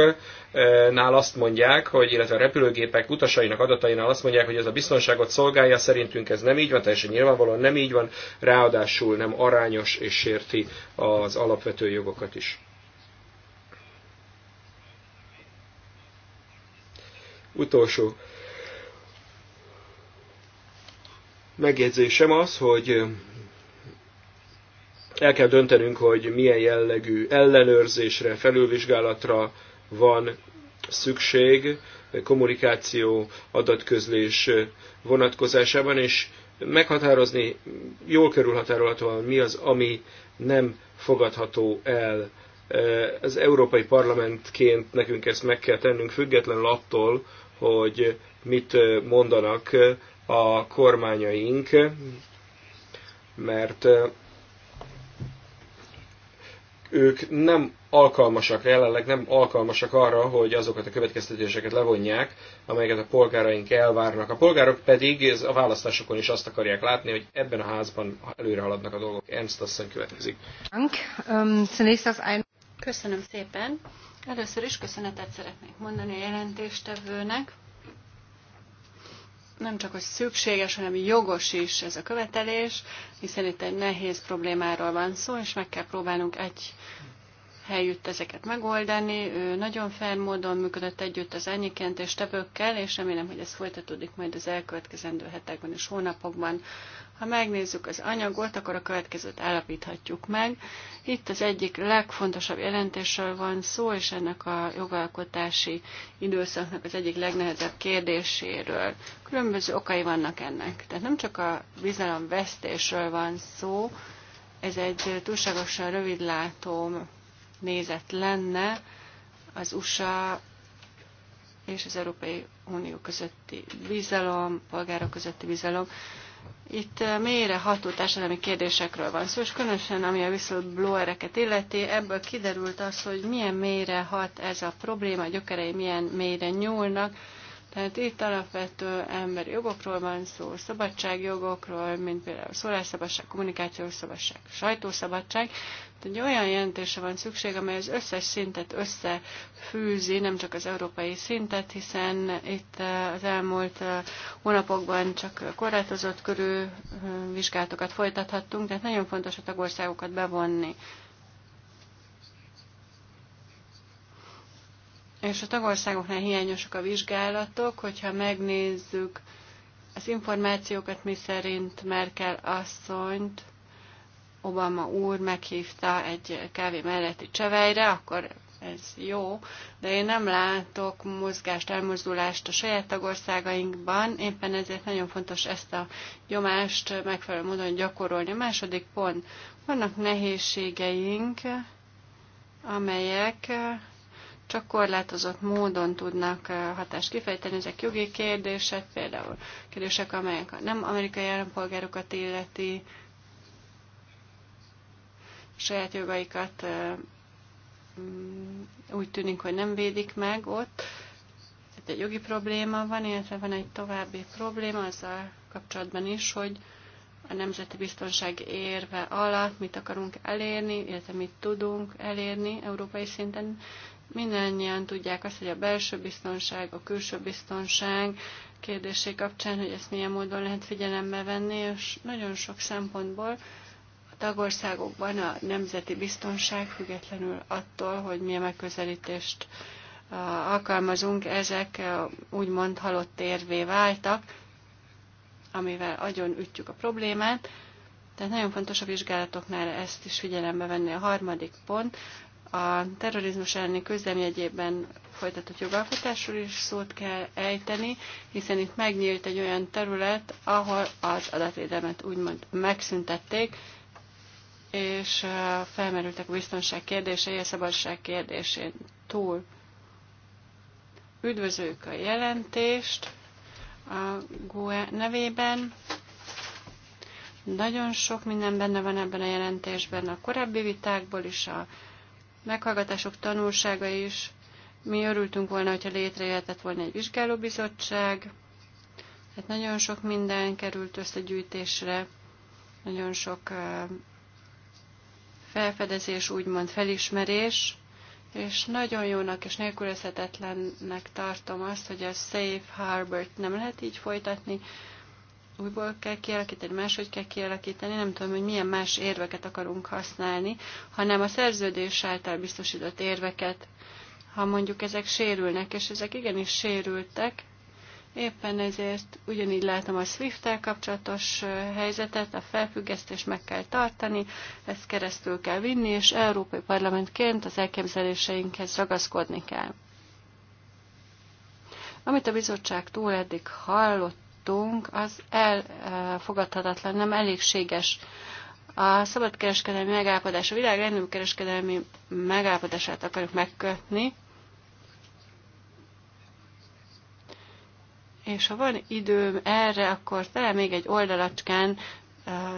nál azt mondják, hogy, illetve a repülőgépek utasainak adatainál azt mondják, hogy ez a biztonságot szolgálja, szerintünk ez nem így van, teljesen nyilvánvalóan nem így van, ráadásul nem arányos és sérti az alapvető jogokat is. Utolsó megjegyzésem az, hogy el kell döntenünk, hogy milyen jellegű ellenőrzésre, felülvizsgálatra, van szükség kommunikáció, adatközlés vonatkozásában, és meghatározni, jól körülhatárolhatóan mi az, ami nem fogadható el. Az Európai Parlamentként nekünk ezt meg kell tennünk, függetlenül attól, hogy mit mondanak a kormányaink, mert ők nem alkalmasak, jelenleg nem alkalmasak arra, hogy azokat a következtetéseket levonják, amelyeket a polgáraink elvárnak. A polgárok pedig a választásokon is azt akarják látni, hogy ebben a házban előre haladnak a dolgok. Ernst asszony következik. Ähm, Köszönöm szépen. Először is köszönetet szeretnék mondani a jelentéstevőnek nem csak, hogy szükséges, hanem jogos is ez a követelés, hiszen itt egy nehéz problémáról van szó, és meg kell próbálnunk egy helyütt ezeket megoldani. Ő nagyon fair módon működött együtt az árnyékent és tevőkkel, és remélem, hogy ez folytatódik majd az elkövetkezendő hetekben és hónapokban. Ha megnézzük az anyagot, akkor a következőt állapíthatjuk meg. Itt az egyik legfontosabb jelentésről van szó, és ennek a jogalkotási időszaknak az egyik legnehezebb kérdéséről. Különböző okai vannak ennek. Tehát nem csak a bizalomvesztésről van szó, ez egy túlságosan rövidlátó nézet lenne az USA és az Európai Unió közötti bizalom, polgárok közötti bizalom. Itt eh, mélyre ható társadalmi kérdésekről van szó, és különösen ami a whistleblowereket illeti, ebből kiderült az, hogy milyen mélyre hat ez a probléma, a gyökerei milyen mélyre nyúlnak, tehát itt alapvető emberi jogokról van szó, szabadságjogokról, mint például szólásszabadság, kommunikációs szabadság, sajtószabadság. Tehát egy olyan jelentése van szükség, amely az összes szintet összefűzi, nem csak az európai szintet, hiszen itt eh, az elmúlt eh, hónapokban csak korlátozott körű eh, vizsgálatokat folytathattunk, tehát nagyon fontos a tagországokat bevonni. és a tagországoknál hiányosak a vizsgálatok, hogyha megnézzük az információkat, mi szerint Merkel asszonyt Obama úr meghívta egy kávé melletti csevejre, akkor ez jó, de én nem látok mozgást, elmozdulást a saját tagországainkban, éppen ezért nagyon fontos ezt a nyomást megfelelő módon gyakorolni. A második pont, vannak nehézségeink, amelyek csak korlátozott módon tudnak hatást kifejteni. Ezek jogi kérdések, például kérdések, amelyek nem amerikai állampolgárokat illeti, saját jogaikat mm, úgy tűnik, hogy nem védik meg ott. Tehát egy jogi probléma van, illetve van egy további probléma azzal kapcsolatban is, hogy a nemzeti biztonság érve alatt mit akarunk elérni, illetve mit tudunk elérni európai szinten mindannyian tudják azt, hogy a belső biztonság, a külső biztonság kérdésé kapcsán, hogy ezt milyen módon lehet figyelembe venni, és nagyon sok szempontból a tagországokban a nemzeti biztonság függetlenül attól, hogy milyen megközelítést alkalmazunk, ezek úgymond halott érvé váltak, amivel agyon ütjük a problémát. Tehát nagyon fontos a vizsgálatoknál ezt is figyelembe venni. A harmadik pont a terrorizmus elleni közlemjegyében folytatott jogalkotásról is szót kell ejteni, hiszen itt megnyílt egy olyan terület, ahol az adatvédelmet úgymond megszüntették, és felmerültek a biztonság kérdései, a szabadság kérdésén túl. Üdvözöljük a jelentést a GUE nevében. Nagyon sok minden benne van ebben a jelentésben, a korábbi vitákból is, a meghallgatások tanulsága is. Mi örültünk volna, hogyha létrejöhetett volna egy vizsgálóbizottság. Hát nagyon sok minden került összegyűjtésre, nagyon sok felfedezés, úgymond felismerés, és nagyon jónak és nélkülözhetetlennek tartom azt, hogy a Safe Harbor-t nem lehet így folytatni, újból kell kialakítani, máshogy kell kialakítani, nem tudom, hogy milyen más érveket akarunk használni, hanem a szerződés által biztosított érveket, ha mondjuk ezek sérülnek, és ezek igenis sérültek, Éppen ezért ugyanígy látom a SWIFT-tel kapcsolatos helyzetet, a felfüggesztést meg kell tartani, ezt keresztül kell vinni, és Európai Parlamentként az elképzeléseinkhez ragaszkodni kell. Amit a túl eddig hallott, jutottunk, az elfogadhatatlan, nem elégséges. A szabadkereskedelmi megállapodás, a világ legnagyobb kereskedelmi megállapodását akarjuk megkötni, és ha van időm erre, akkor talán még egy oldalacskán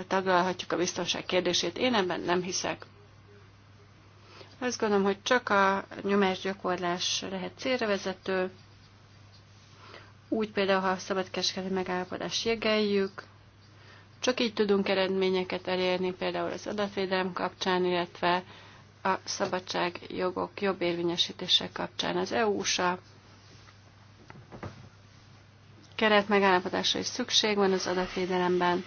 taglalhatjuk a biztonság kérdését. Én ebben nem hiszek. Azt gondolom, hogy csak a nyomásgyakorlás lehet célra vezető, úgy például, ha a szabadkereskedelmi megállapodást jegeljük, csak így tudunk eredményeket elérni, például az adatvédelem kapcsán, illetve a szabadságjogok jobb érvényesítése kapcsán. Az eu sa keret megállapodásra is szükség van az adatvédelemben,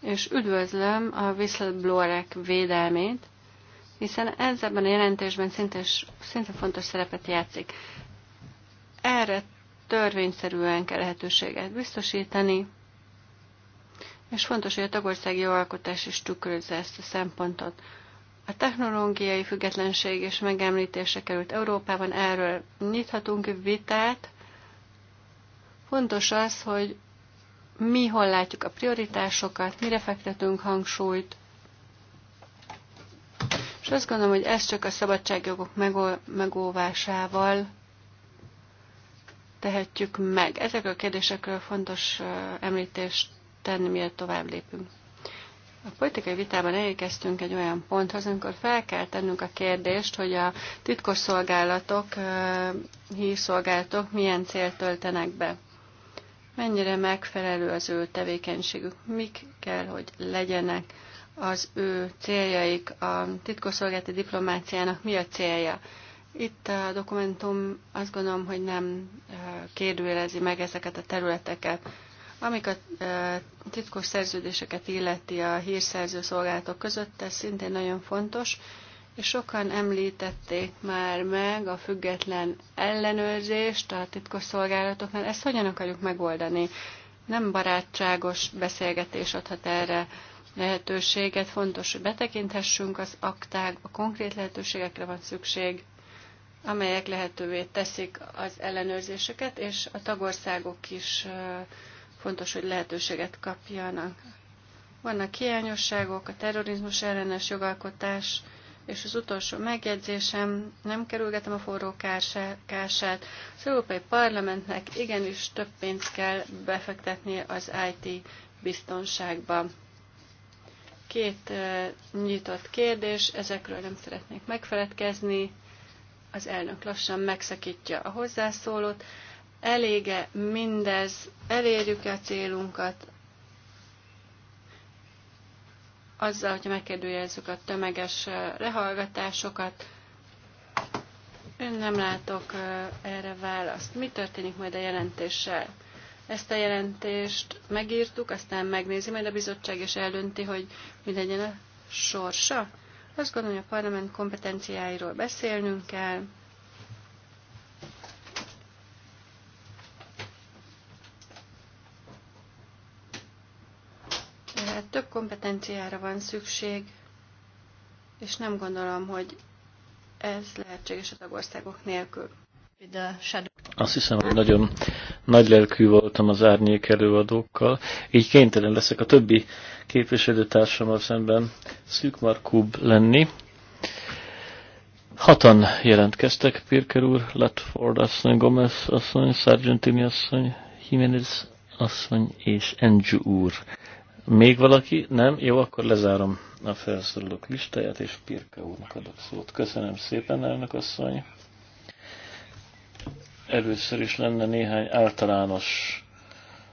és üdvözlöm a whistleblowerek védelmét, hiszen ez ebben a jelentésben szinte, szinte fontos szerepet játszik. Erre törvényszerűen kell lehetőséget biztosítani, és fontos, hogy a tagországi jogalkotás is tükrözze ezt a szempontot. A technológiai függetlenség és megemlítése került Európában, erről nyithatunk vitát. Fontos az, hogy mi hol látjuk a prioritásokat, mire fektetünk hangsúlyt, és azt gondolom, hogy ez csak a szabadságjogok megó megóvásával tehetjük meg? Ezekről a kérdésekről fontos említést tenni, mielőtt tovább lépünk. A politikai vitában elérkeztünk egy olyan ponthoz, amikor fel kell tennünk a kérdést, hogy a titkos szolgálatok, hírszolgálatok milyen célt töltenek be. Mennyire megfelelő az ő tevékenységük, mik kell, hogy legyenek az ő céljaik, a titkosszolgálati diplomáciának mi a célja. Itt a dokumentum azt gondolom, hogy nem kérdőjelezi meg ezeket a területeket. Amik a titkos szerződéseket illeti a hírszerző szolgálatok között, ez szintén nagyon fontos, és sokan említették már meg a független ellenőrzést a titkos szolgálatoknál. Ezt hogyan akarjuk megoldani? Nem barátságos beszélgetés adhat erre lehetőséget, fontos, hogy betekinthessünk az akták, a konkrét lehetőségekre van szükség, amelyek lehetővé teszik az ellenőrzéseket, és a tagországok is fontos, hogy lehetőséget kapjanak. Vannak hiányosságok, a terrorizmus ellenes jogalkotás, és az utolsó megjegyzésem, nem kerülgetem a forró kását. Az Európai Parlamentnek igenis több pénzt kell befektetni az IT biztonságba. Két nyitott kérdés, ezekről nem szeretnék megfeledkezni. Az elnök lassan megszakítja a hozzászólót. Elége mindez, elérjük-e a célunkat, azzal, hogy megkérdőjelezzük a tömeges lehallgatásokat. Én nem látok erre választ. Mi történik majd a jelentéssel? Ezt a jelentést megírtuk, aztán megnézi majd a bizottság, és eldönti, hogy mi legyen a sorsa. Azt gondolom, hogy a parlament kompetenciáiról beszélnünk kell. Tehát több kompetenciára van szükség, és nem gondolom, hogy ez lehetséges a tagországok nélkül. Uh, Azt hiszem, hogy nagyon nagy lelkű voltam az árnyék előadókkal, így kénytelen leszek a többi képviselőtársammal szemben szűkmarkúbb lenni. Hatan jelentkeztek, Pirker úr, Latford asszony, Gomez asszony, Sargentini asszony, Jiménez asszony és Andrew úr. Még valaki? Nem? Jó, akkor lezárom a felszorulók listáját, és Pirke úrnak adok szót. Köszönöm szépen, elnök asszony! Először is lenne néhány általános,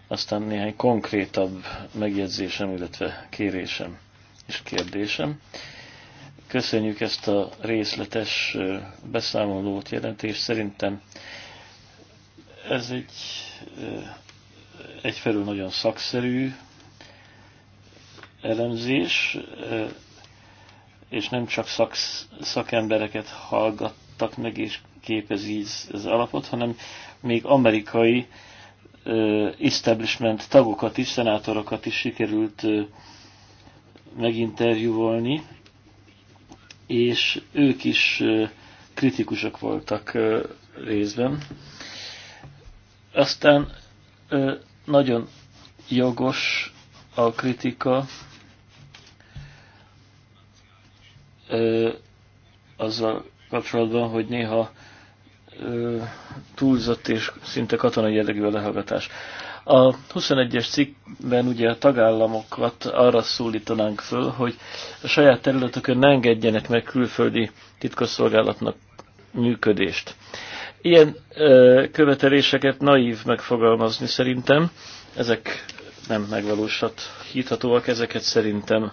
aztán néhány konkrétabb megjegyzésem, illetve kérésem és kérdésem. Köszönjük ezt a részletes beszámolót, jelentést. Szerintem ez egy egyfelől nagyon szakszerű elemzés, és nem csak szakembereket hallgattak meg és képezi az alapot, hanem még amerikai establishment tagokat is, szenátorokat is sikerült meginterjúvolni, és ők is kritikusak voltak részben. Aztán nagyon jogos a kritika azzal kapcsolatban, hogy néha túlzott és szinte katonai jellegű a lehallgatás. A 21-es cikkben ugye a tagállamokat arra szólítanánk föl, hogy a saját területükön ne engedjenek meg külföldi titkosszolgálatnak működést. Ilyen ö, követeléseket naív megfogalmazni szerintem, ezek nem megvalósíthatóak, ezeket szerintem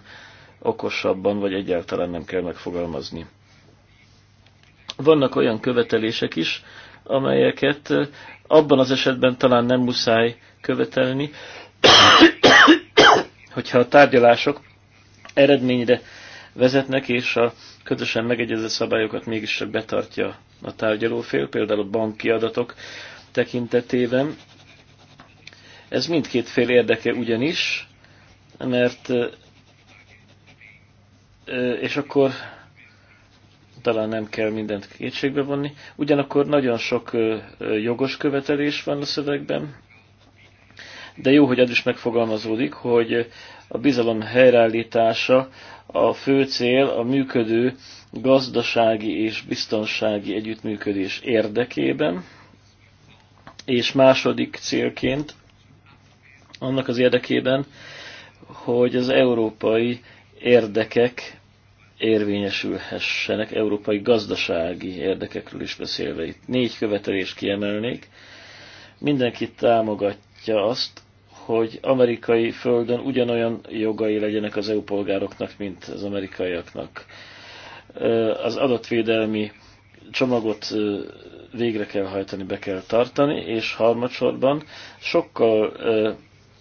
okosabban vagy egyáltalán nem kell megfogalmazni. Vannak olyan követelések is, amelyeket abban az esetben talán nem muszáj követelni, [coughs] hogyha a tárgyalások eredményre vezetnek, és a közösen megegyezett szabályokat mégis csak betartja a tárgyalófél, például a banki adatok tekintetében. Ez mindkét fél érdeke ugyanis, mert és akkor talán nem kell mindent kétségbe vonni. Ugyanakkor nagyon sok jogos követelés van a szövegben, de jó, hogy az is megfogalmazódik, hogy a bizalom helyreállítása a fő cél a működő gazdasági és biztonsági együttműködés érdekében, és második célként annak az érdekében, hogy az európai érdekek érvényesülhessenek európai gazdasági érdekekről is beszélve. Itt négy követelést kiemelnék. Mindenki támogatja azt, hogy amerikai földön ugyanolyan jogai legyenek az EU polgároknak, mint az amerikaiaknak. Az adatvédelmi csomagot végre kell hajtani, be kell tartani, és harmadsorban sokkal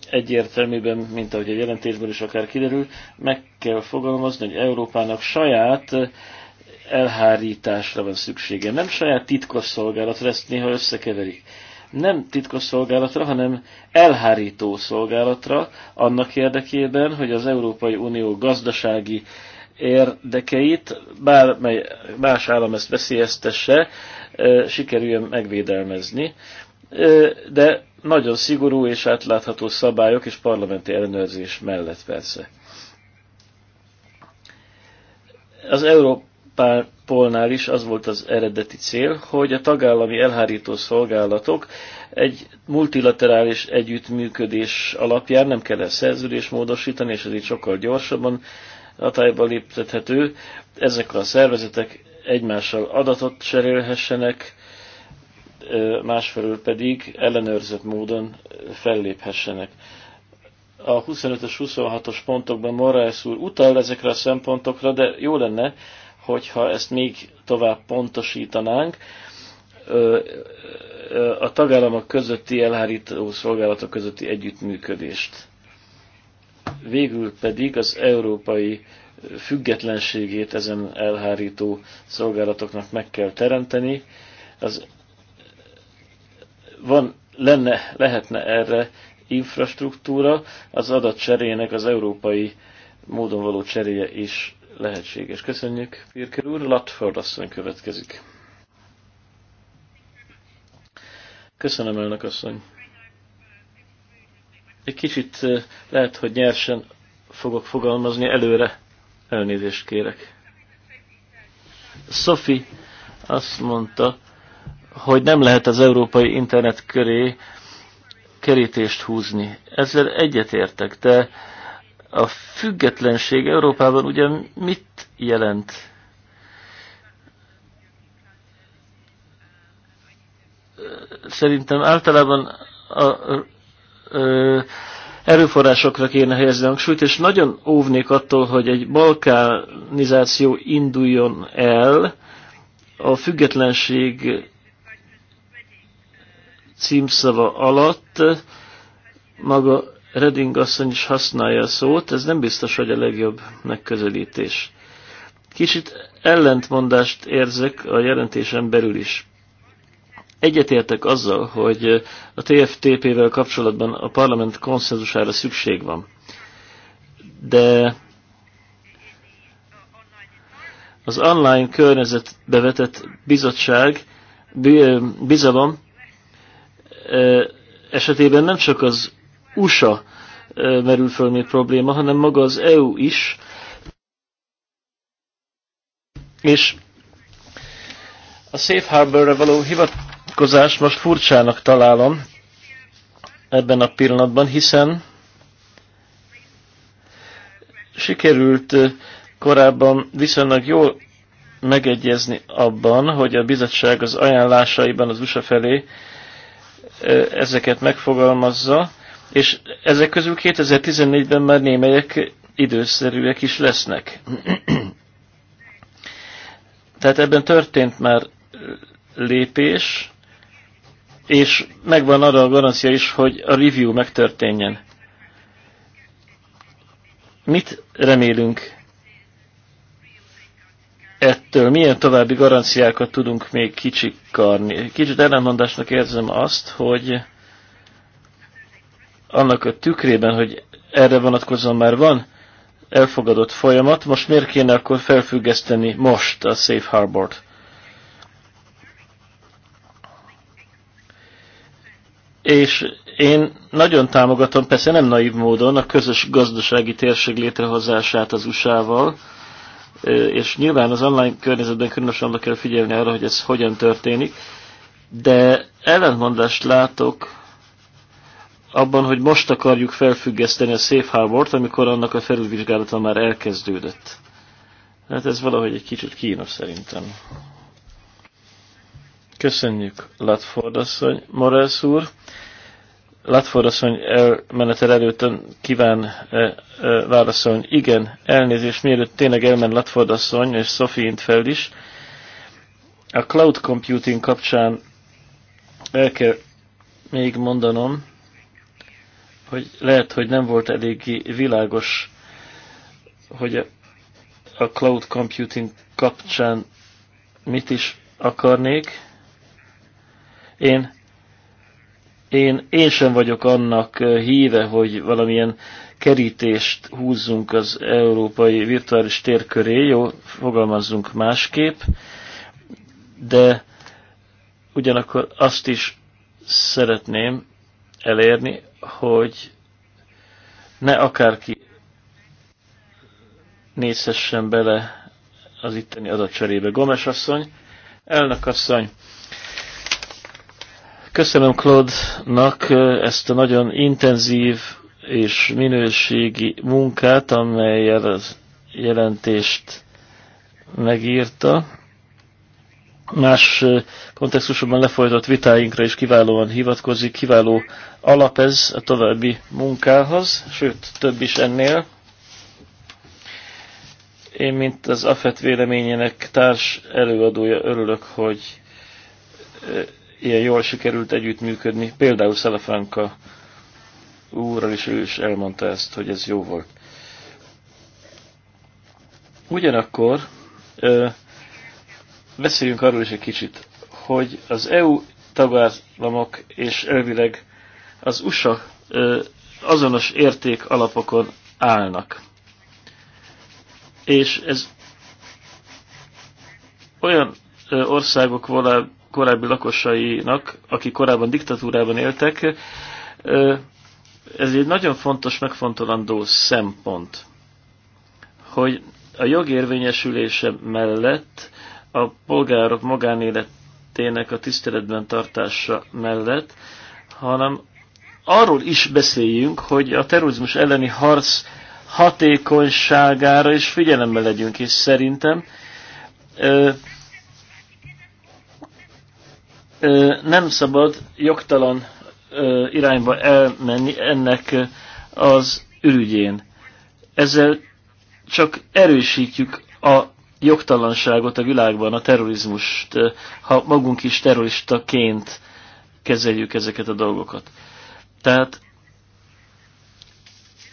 egyértelműben, mint ahogy a jelentésből is akár kiderül, meg kell fogalmazni, hogy Európának saját eh, elhárításra van szüksége. Nem saját titkosszolgálatra, ezt néha összekeverik. Nem titkosszolgálatra, hanem elhárító szolgálatra annak érdekében, hogy az Európai Unió gazdasági érdekeit, bármely más állam ezt veszélyeztesse, eh, sikerüljön megvédelmezni de nagyon szigorú és átlátható szabályok és parlamenti ellenőrzés mellett persze. Az Európolnál is az volt az eredeti cél, hogy a tagállami elhárító szolgálatok egy multilaterális együttműködés alapján nem kell szerződés módosítani, és ez így sokkal gyorsabban hatályba léptethető. Ezek a szervezetek egymással adatot cserélhessenek, másfelől pedig ellenőrzött módon felléphessenek. A 25-ös, 26-os pontokban Moraes úr utal ezekre a szempontokra, de jó lenne, hogyha ezt még tovább pontosítanánk a tagállamok közötti elhárító szolgálatok közötti együttműködést. Végül pedig az európai függetlenségét ezen elhárító szolgálatoknak meg kell teremteni. Az van, lenne, lehetne erre infrastruktúra, az adatcserének az európai módon való cseréje is lehetséges. Köszönjük, Pirker úr. Latford asszony következik. Köszönöm, elnök asszony. Egy kicsit eh, lehet, hogy nyersen fogok fogalmazni előre. Elnézést kérek. Sophie azt mondta, hogy nem lehet az európai internet köré kerítést húzni. Ezzel egyetértek, de a függetlenség Európában ugye mit jelent? Szerintem általában a, erőforrásokra kéne helyezni a hangsúlyt, és nagyon óvnék attól, hogy egy balkánizáció induljon el, a függetlenség címszava alatt maga Reding asszony is használja a szót, ez nem biztos, hogy a legjobb megközelítés. Kicsit ellentmondást érzek a jelentésen belül is. Egyetértek azzal, hogy a TFTP-vel kapcsolatban a parlament konszenzusára szükség van. De az online környezetbe vetett bizottság bizalom esetében nem csak az USA merül föl még probléma, hanem maga az EU is. És a Safe Harborra való hivatkozás most furcsának találom ebben a pillanatban, hiszen sikerült korábban viszonylag jól megegyezni abban, hogy a bizottság az ajánlásaiban az USA felé ezeket megfogalmazza, és ezek közül 2014-ben már némelyek időszerűek is lesznek. [clears throat] Tehát ebben történt már lépés, és megvan arra a garancia is, hogy a review megtörténjen. Mit remélünk ettől milyen további garanciákat tudunk még kicsikarni. Kicsit ellenmondásnak érzem azt, hogy annak a tükrében, hogy erre vonatkozóan már van elfogadott folyamat, most miért kéne akkor felfüggeszteni most a Safe Harbor-t? És én nagyon támogatom, persze nem naív módon, a közös gazdasági térség létrehozását az USA-val, és nyilván az online környezetben különösen oda kell figyelni arra, hogy ez hogyan történik, de ellentmondást látok abban, hogy most akarjuk felfüggeszteni a Safe Harbor-t, amikor annak a felülvizsgálata már elkezdődött. Hát ez valahogy egy kicsit kínos szerintem. Köszönjük, Latford asszony. Morales úr. Latford asszony elmenetel előtt kíván e, e, válaszolni. Igen, elnézést, mielőtt tényleg elmen Latford asszony és Sophie Intfeld is. A cloud computing kapcsán el kell még mondanom, hogy lehet, hogy nem volt eléggé világos, hogy a, a cloud computing kapcsán mit is akarnék. Én én, én sem vagyok annak híve, hogy valamilyen kerítést húzzunk az európai virtuális tér köré, jó, fogalmazzunk másképp, de ugyanakkor azt is szeretném elérni, hogy ne akárki nézhessen bele az itteni adatcserébe. Gomes asszony, elnök asszony, Köszönöm Claude-nak ezt a nagyon intenzív és minőségi munkát, amelyel az jelentést megírta. Más kontextusokban lefolytott vitáinkra is kiválóan hivatkozik, kiváló alap ez a további munkához, sőt, több is ennél. Én, mint az AFET véleményének társ előadója örülök, hogy ilyen jól sikerült együttműködni. Például Szelefánka úrral is ő is elmondta ezt, hogy ez jó volt. Ugyanakkor ö, beszéljünk arról is egy kicsit, hogy az EU tagállamok és elvileg az USA ö, azonos érték alapokon állnak. És ez olyan országok korábbi lakosainak, akik korábban diktatúrában éltek, ez egy nagyon fontos, megfontolandó szempont, hogy a jogérvényesülése mellett a polgárok magánéletének a tiszteletben tartása mellett, hanem arról is beszéljünk, hogy a terrorizmus elleni harc hatékonyságára is figyelembe legyünk, és szerintem nem szabad jogtalan irányba elmenni ennek az ürügyén. Ezzel csak erősítjük a jogtalanságot a világban, a terrorizmust, ha magunk is terroristaként kezeljük ezeket a dolgokat. Tehát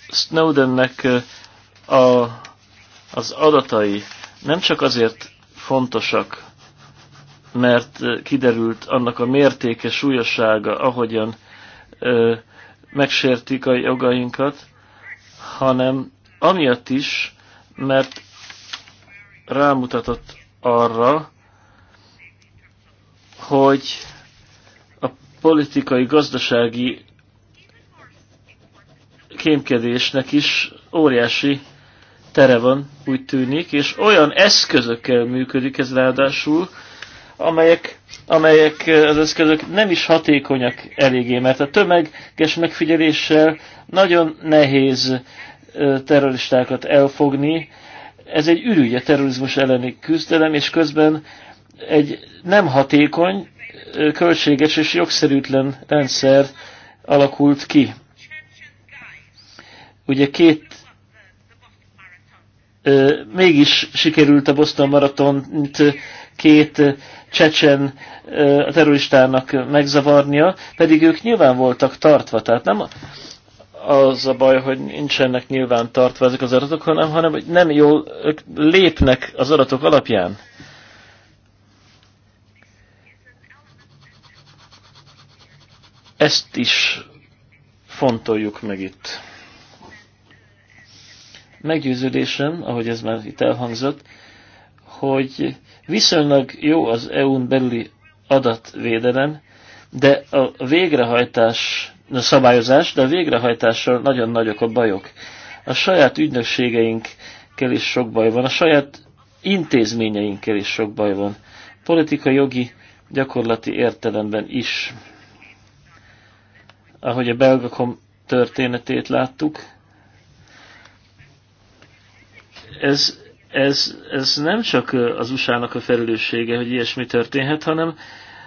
Snowdennek a, az adatai nem csak azért fontosak, mert kiderült annak a mértéke, súlyossága, ahogyan ö, megsértik a jogainkat, hanem amiatt is, mert rámutatott arra, hogy a politikai, gazdasági kémkedésnek is óriási tere van, úgy tűnik, és olyan eszközökkel működik ez ráadásul, amelyek, amelyek az eszközök nem is hatékonyak eléggé, mert a tömeges megfigyeléssel nagyon nehéz terroristákat elfogni. Ez egy ürügy a terrorizmus elleni küzdelem, és közben egy nem hatékony, költséges és jogszerűtlen rendszer alakult ki. Ugye két mégis sikerült a Boston maratont két csecsen terroristának megzavarnia, pedig ők nyilván voltak tartva, tehát nem az a baj, hogy nincsenek nyilván tartva ezek az adatok, hanem, hanem hogy nem jól ők lépnek az adatok alapján. Ezt is fontoljuk meg itt. Meggyőződésem, ahogy ez már itt elhangzott, hogy Viszonylag jó az EU-n belüli adatvédelem, de a végrehajtás, a szabályozás, de a végrehajtással nagyon nagyok a bajok. A saját ügynökségeinkkel is sok baj van, a saját intézményeinkkel is sok baj van. Politikai, jogi, gyakorlati értelemben is. Ahogy a belgakom történetét láttuk, ez ez, ez nem csak az USA-nak a felelőssége, hogy ilyesmi történhet, hanem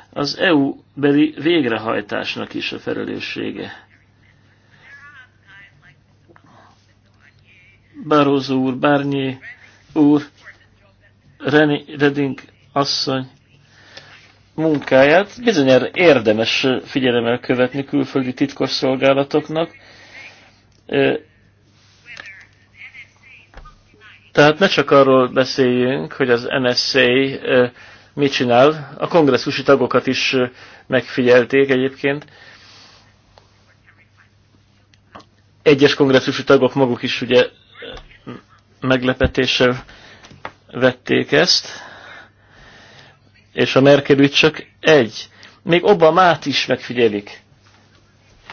az EU beli végrehajtásnak is a felelőssége. Barózó úr, Bárnyé úr, Reni, Reding asszony munkáját bizonyára érdemes figyelemmel követni külföldi titkosszolgálatoknak, Tehát ne csak arról beszéljünk, hogy az NSA mit csinál, a kongresszusi tagokat is megfigyelték egyébként. Egyes kongresszusi tagok maguk is ugye meglepetéssel vették ezt, és a Merkel csak egy. Még Obamát is megfigyelik.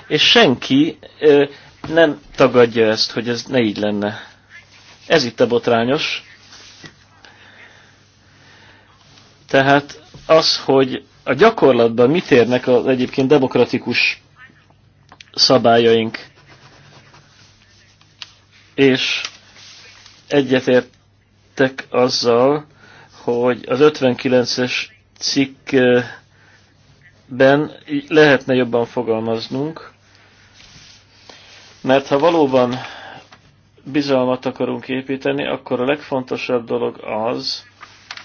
És senki ö, nem tagadja ezt, hogy ez ne így lenne. Ez itt a botrányos. Tehát az, hogy a gyakorlatban mit érnek az egyébként demokratikus szabályaink, és egyetértek azzal, hogy az 59-es cikkben lehetne jobban fogalmaznunk, mert ha valóban bizalmat akarunk építeni, akkor a legfontosabb dolog az,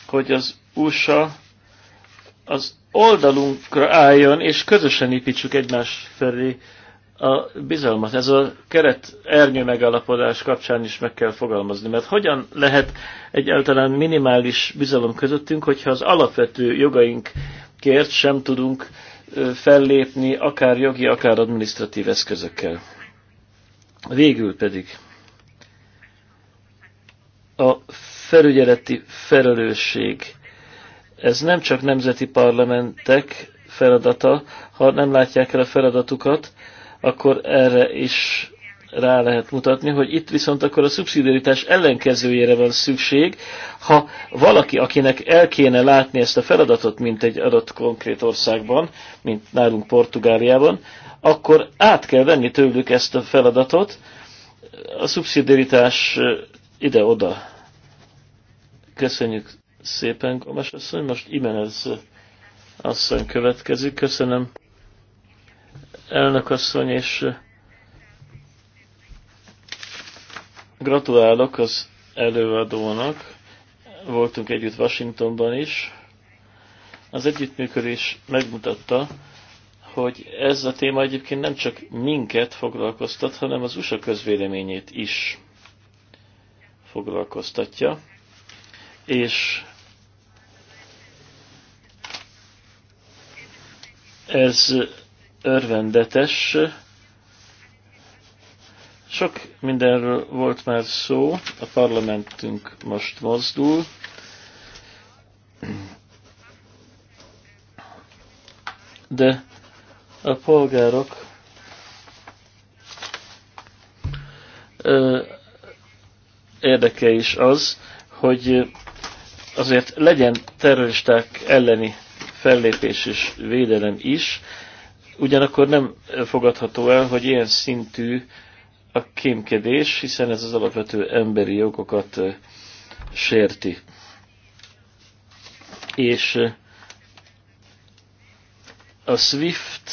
hogy az USA az oldalunkra álljon, és közösen építsük egymás felé a bizalmat. Ez a keret ernyő megállapodás kapcsán is meg kell fogalmazni, mert hogyan lehet egyáltalán minimális bizalom közöttünk, hogyha az alapvető jogainkért sem tudunk fellépni, akár jogi, akár administratív eszközökkel. Végül pedig a felügyeleti felelősség. Ez nem csak nemzeti parlamentek feladata, ha nem látják el a feladatukat, akkor erre is rá lehet mutatni, hogy itt viszont akkor a szubszidiaritás ellenkezőjére van szükség, ha valaki, akinek el kéne látni ezt a feladatot, mint egy adott konkrét országban, mint nálunk Portugáliában, akkor át kell venni tőlük ezt a feladatot, a szubszidiaritás ide-oda. Köszönjük szépen, Gomes asszony. Most Imenez asszony következik. Köszönöm, elnök asszony, és eh, gratulálok az előadónak. Voltunk együtt Washingtonban is. Az együttműködés megmutatta, hogy ez a téma egyébként nem csak minket foglalkoztat, hanem az USA közvéleményét is foglalkoztatja, és ez örvendetes. Sok mindenről volt már szó, a parlamentünk most mozdul. De a polgárok érdeke is az, hogy azért legyen terroristák elleni fellépés és védelem is, ugyanakkor nem fogadható el, hogy ilyen szintű a kémkedés, hiszen ez az alapvető emberi jogokat sérti. És a SWIFT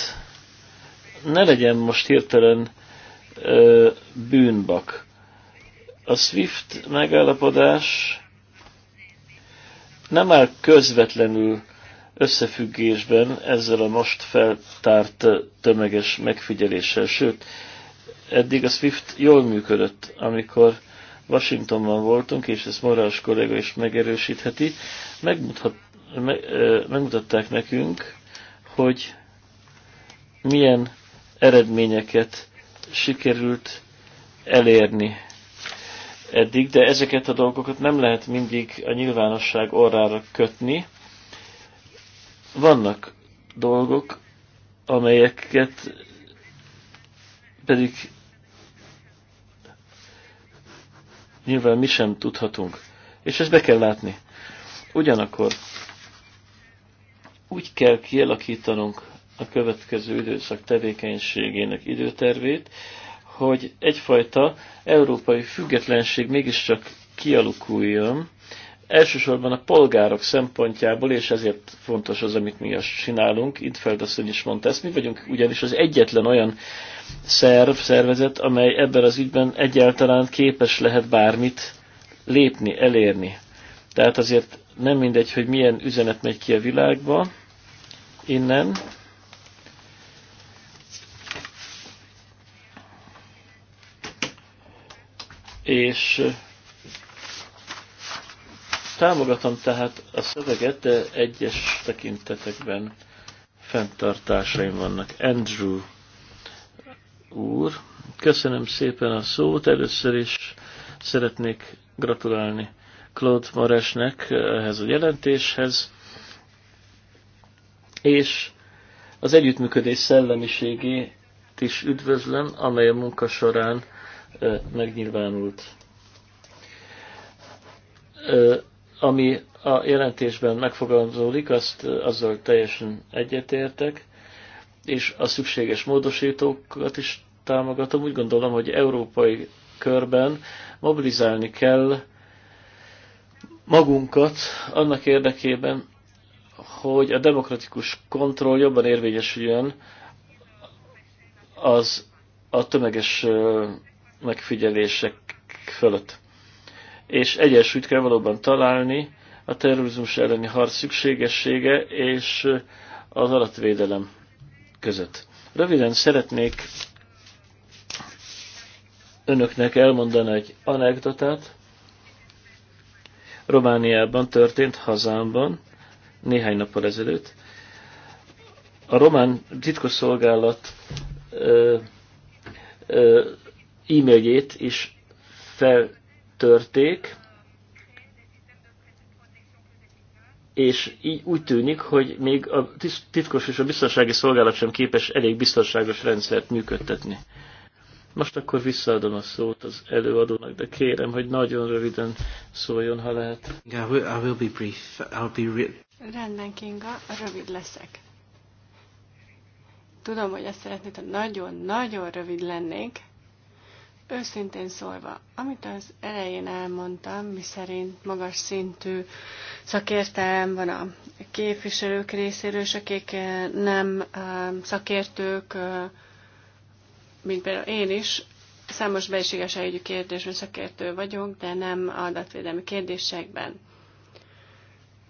ne legyen most hirtelen bűnbak a SWIFT megállapodás nem áll közvetlenül összefüggésben ezzel a most feltárt tömeges megfigyeléssel, sőt, eddig a SWIFT jól működött, amikor Washingtonban voltunk, és ezt Morales kolléga is megerősítheti, megmutat, me, megmutatták nekünk, hogy milyen eredményeket sikerült elérni eddig, de ezeket a dolgokat nem lehet mindig a nyilvánosság orrára kötni. Vannak dolgok, amelyeket pedig nyilván mi sem tudhatunk. És ezt be kell látni. Ugyanakkor úgy kell kialakítanunk a következő időszak tevékenységének időtervét, hogy egyfajta európai függetlenség mégiscsak kialakuljon, elsősorban a polgárok szempontjából, és ezért fontos az, amit mi azt csinálunk, itt Feldasszony is mondta ezt, mi vagyunk ugyanis az egyetlen olyan szerv, szervezet, amely ebben az ügyben egyáltalán képes lehet bármit lépni, elérni. Tehát azért nem mindegy, hogy milyen üzenet megy ki a világba innen, és támogatom tehát a szöveget, de egyes tekintetekben fenntartásaim vannak. Andrew úr, köszönöm szépen a szót. Először is szeretnék gratulálni Claude Maresnek ehhez a jelentéshez, és az együttműködés szellemiségét is üdvözlöm, amely a munka során megnyilvánult. Ami a jelentésben megfogalmazódik, azt azzal teljesen egyetértek, és a szükséges módosítókat is támogatom. Úgy gondolom, hogy európai körben mobilizálni kell magunkat annak érdekében, hogy a demokratikus kontroll jobban érvényesüljön az a tömeges megfigyelések fölött. És egyensúlyt kell valóban találni a terrorizmus elleni harc szükségessége és az alattvédelem között. Röviden szeretnék önöknek elmondani egy anekdotát. Romániában történt, hazámban, néhány nappal ezelőtt. A román titkosszolgálat ö, ö, e-mailjét is feltörték, és így úgy tűnik, hogy még a titkos és a biztonsági szolgálat sem képes elég biztonságos rendszert működtetni. Most akkor visszaadom a szót az előadónak, de kérem, hogy nagyon röviden szóljon, ha lehet. I will, I will be brief. I'll be re- Rendben, Kinga, rövid leszek. Tudom, hogy azt szeretnéd, hogy nagyon-nagyon rövid lennék, Őszintén szólva, amit az elején elmondtam, miszerint magas szintű szakértelem van a képviselők részéről, és akik eh, nem eh, szakértők, eh, mint például én is, számos belséges ügyű kérdésben szakértő vagyok, de nem adatvédelmi kérdésekben.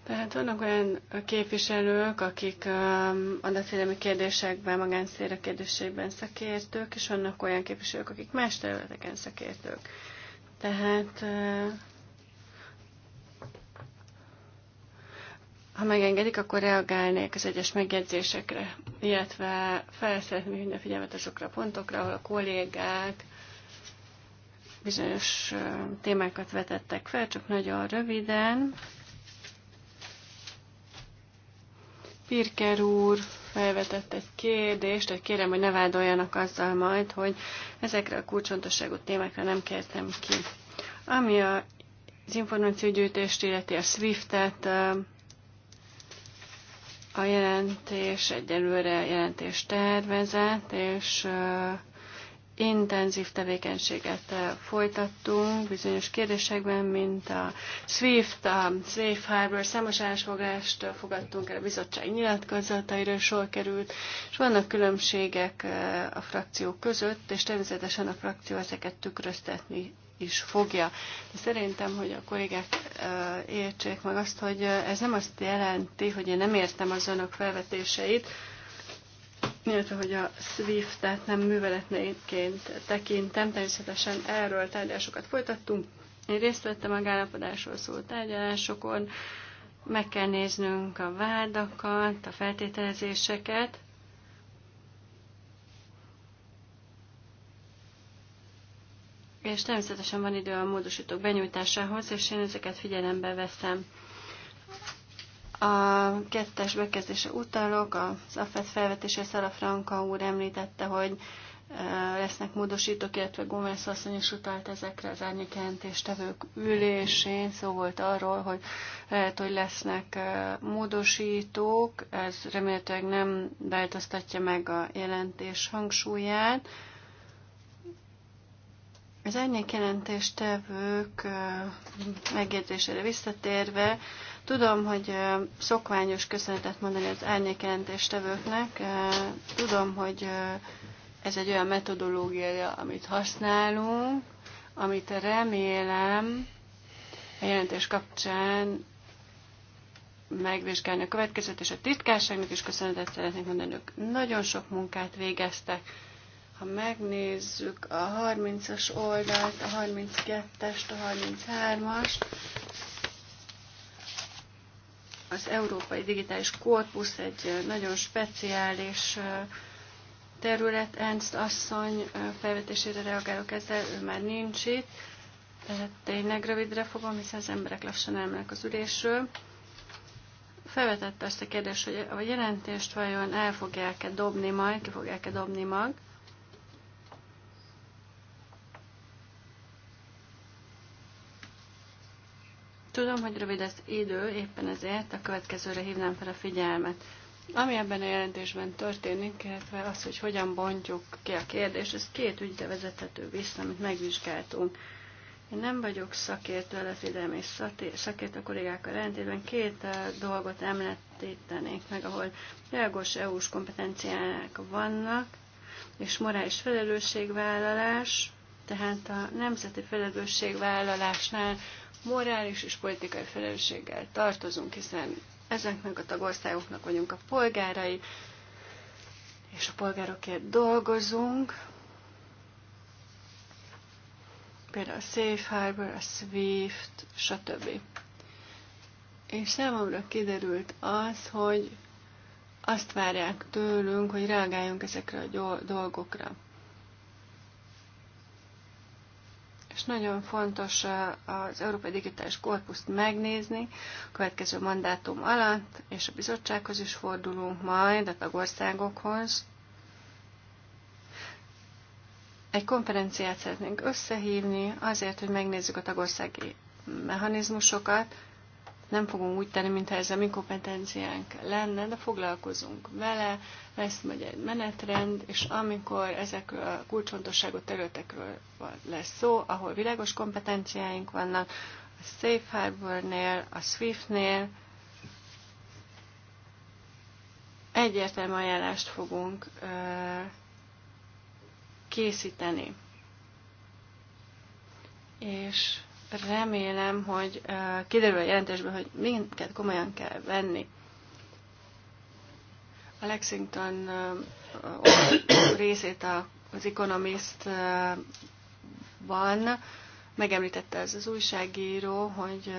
Tehát vannak olyan képviselők, akik um, adatvédelmi kérdésekben, magánszére kérdésében szakértők, és vannak olyan képviselők, akik más területeken szakértők. Tehát uh, ha megengedik, akkor reagálnék az egyes megjegyzésekre, illetve fel hívni a figyelmet azokra a pontokra, ahol a kollégák bizonyos uh, témákat vetettek fel, csak nagyon röviden. Pirker úr felvetett egy kérdést, hogy kérem, hogy ne vádoljanak azzal majd, hogy ezekre a kulcsontosságú témákra nem kértem ki. Ami a, az információgyűjtést illeti a SWIFT-et, a jelentés egyelőre jelentés tervezett, és intenzív tevékenységet eh, folytattunk bizonyos kérdésekben, mint a SWIFT, a Safe Harbor, számos állásfogást eh, fogadtunk el, a bizottság nyilatkozatairól sor került, és vannak különbségek eh, a frakciók között, és természetesen a frakció ezeket tükröztetni is fogja. De szerintem, hogy a kollégák értsék meg azt, hogy ez nem azt jelenti, hogy én nem értem az önök felvetéseit, illetve hogy a SWIFT-et nem műveletnéként tekintem, természetesen erről tárgyalásokat folytattunk. Én részt vettem a gálapodásról szóló tárgyalásokon, meg kell néznünk a vádakat, a feltételezéseket, és természetesen van idő a módosítók benyújtásához, és én ezeket figyelembe veszem. A kettes bekezdése utalok, az AFET felvetése Franka úr említette, hogy lesznek módosítók, illetve Gómez asszony is utalt ezekre az árnyékjelentéstevők ülésén, szó volt arról, hogy lehet, hogy lesznek módosítók, ez remélhetőleg nem változtatja meg a jelentés hangsúlyát. Az árnyékjelentéstevők megjegyzésére visszatérve, Tudom, hogy szokványos köszönetet mondani az árnyékjelentéstevőknek. Tudom, hogy ez egy olyan metodológia, amit használunk, amit remélem a jelentés kapcsán megvizsgálni a következőt, és a titkárságnak is köszönetet szeretnék mondani, ők nagyon sok munkát végeztek. Ha megnézzük a 30-as oldalt, a 32-est, a 33-ast, az Európai Digitális Korpusz egy nagyon speciális terület. Ernst asszony felvetésére reagálok ezzel, ő már nincs itt. Tehát tényleg rövidre fogom, hiszen az emberek lassan elmennek az ülésről. Felvetette azt a kérdést, hogy a jelentést vajon el fogják-e dobni majd, ki fogják-e dobni mag. Tudom, hogy rövid az idő, éppen ezért a következőre hívnám fel a figyelmet. Ami ebben a jelentésben történik, illetve az, hogy hogyan bontjuk ki a kérdést, ez két ügyre vezethető vissza, amit megvizsgáltunk. Én nem vagyok szakértő, elefidem és szakértő kollégákkal ellentétben két eh, dolgot említenék meg, ahol világos EU-s kompetenciák vannak, és morális felelősségvállalás, tehát a nemzeti felelősségvállalásnál morális és politikai felelősséggel tartozunk, hiszen ezeknek a tagországoknak vagyunk a polgárai, és a polgárokért dolgozunk. Például a Safe Harbor, a SWIFT, stb. És számomra kiderült az, hogy azt várják tőlünk, hogy reagáljunk ezekre a dolgokra. és nagyon fontos eh, az Európai Digitális Korpuszt megnézni a következő mandátum alatt, és a bizottsághoz is fordulunk majd, a tagországokhoz. Egy konferenciát szeretnénk összehívni azért, hogy megnézzük a tagországi mechanizmusokat, nem fogunk úgy tenni, mintha ez a mi kompetenciánk lenne, de foglalkozunk vele, lesz majd egy menetrend, és amikor ezekről a kulcsfontosságú területekről lesz szó, ahol világos kompetenciáink vannak, a Safe Harbour-nél, a Swift-nél, egyértelmű ajánlást fogunk készíteni. És remélem, hogy kiderül a jelentésből, hogy minket komolyan kell venni. A Lexington részét az economist van, megemlítette ez az újságíró, hogy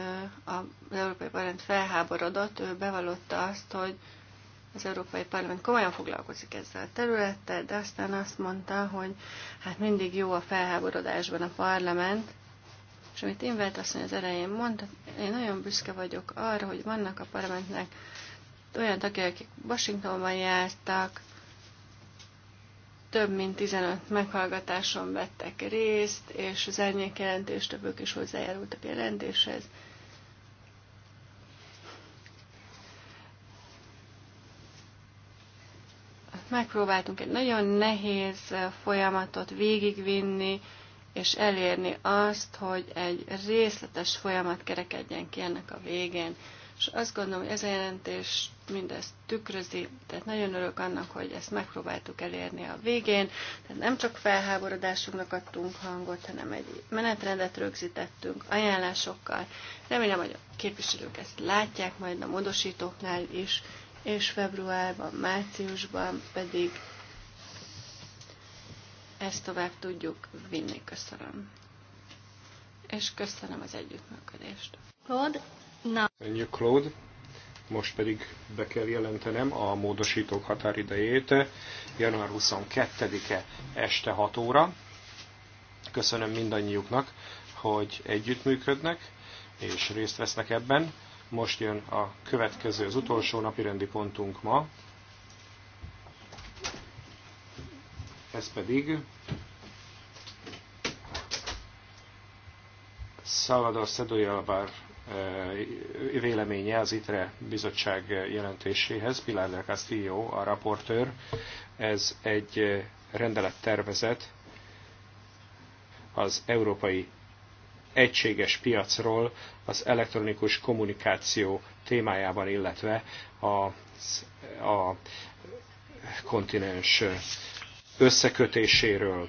az Európai Parlament felháborodott, ő bevallotta azt, hogy az Európai Parlament komolyan foglalkozik ezzel a területtel, de aztán azt mondta, hogy hát mindig jó a felháborodásban a parlament, és amit Invert asszony az elején mondta, én nagyon büszke vagyok arra, hogy vannak a parlamentnek olyan tagjai, akik Washingtonban jártak, több mint 15 meghallgatáson vettek részt, és az árnyék többök is hozzájárultak a jelentéshez. Megpróbáltunk egy nagyon nehéz folyamatot végigvinni, és elérni azt, hogy egy részletes folyamat kerekedjen ki ennek a végén. És azt gondolom, hogy ez a jelentés mindezt tükrözi, tehát nagyon örülök annak, hogy ezt megpróbáltuk elérni a végén. Tehát nem csak felháborodásunknak adtunk hangot, hanem egy menetrendet rögzítettünk ajánlásokkal. Remélem, hogy a képviselők ezt látják majd a módosítóknál is, és februárban, márciusban pedig ezt tovább tudjuk vinni. Köszönöm. És köszönöm az együttműködést. Claude, na. Köszönjük, Claude. Most pedig be kell jelentenem a módosítók határidejét, január 22-e este 6 óra. Köszönöm mindannyiuknak, hogy együttműködnek és részt vesznek ebben. Most jön a következő, az utolsó napirendi pontunk ma, ez pedig Salvador Szedója eh, véleménye az ITRE bizottság jelentéséhez, Pilar del Castillo, a raportőr. Ez egy eh, rendelettervezet az európai egységes piacról az elektronikus kommunikáció témájában, illetve a, a kontinens eh, összekötéséről.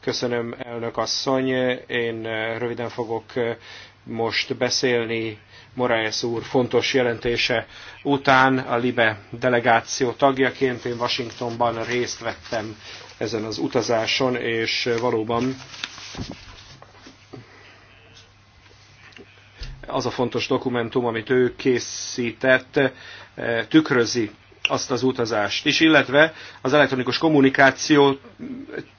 Köszönöm, elnök asszony. Én eh, röviden fogok eh, most beszélni Moraes úr fontos jelentése után a LIBE delegáció tagjaként. Én Washingtonban részt vettem ezen az utazáson, és eh, valóban az a fontos dokumentum, amit ő készített, tükrözi azt az utazást is, illetve az elektronikus kommunikáció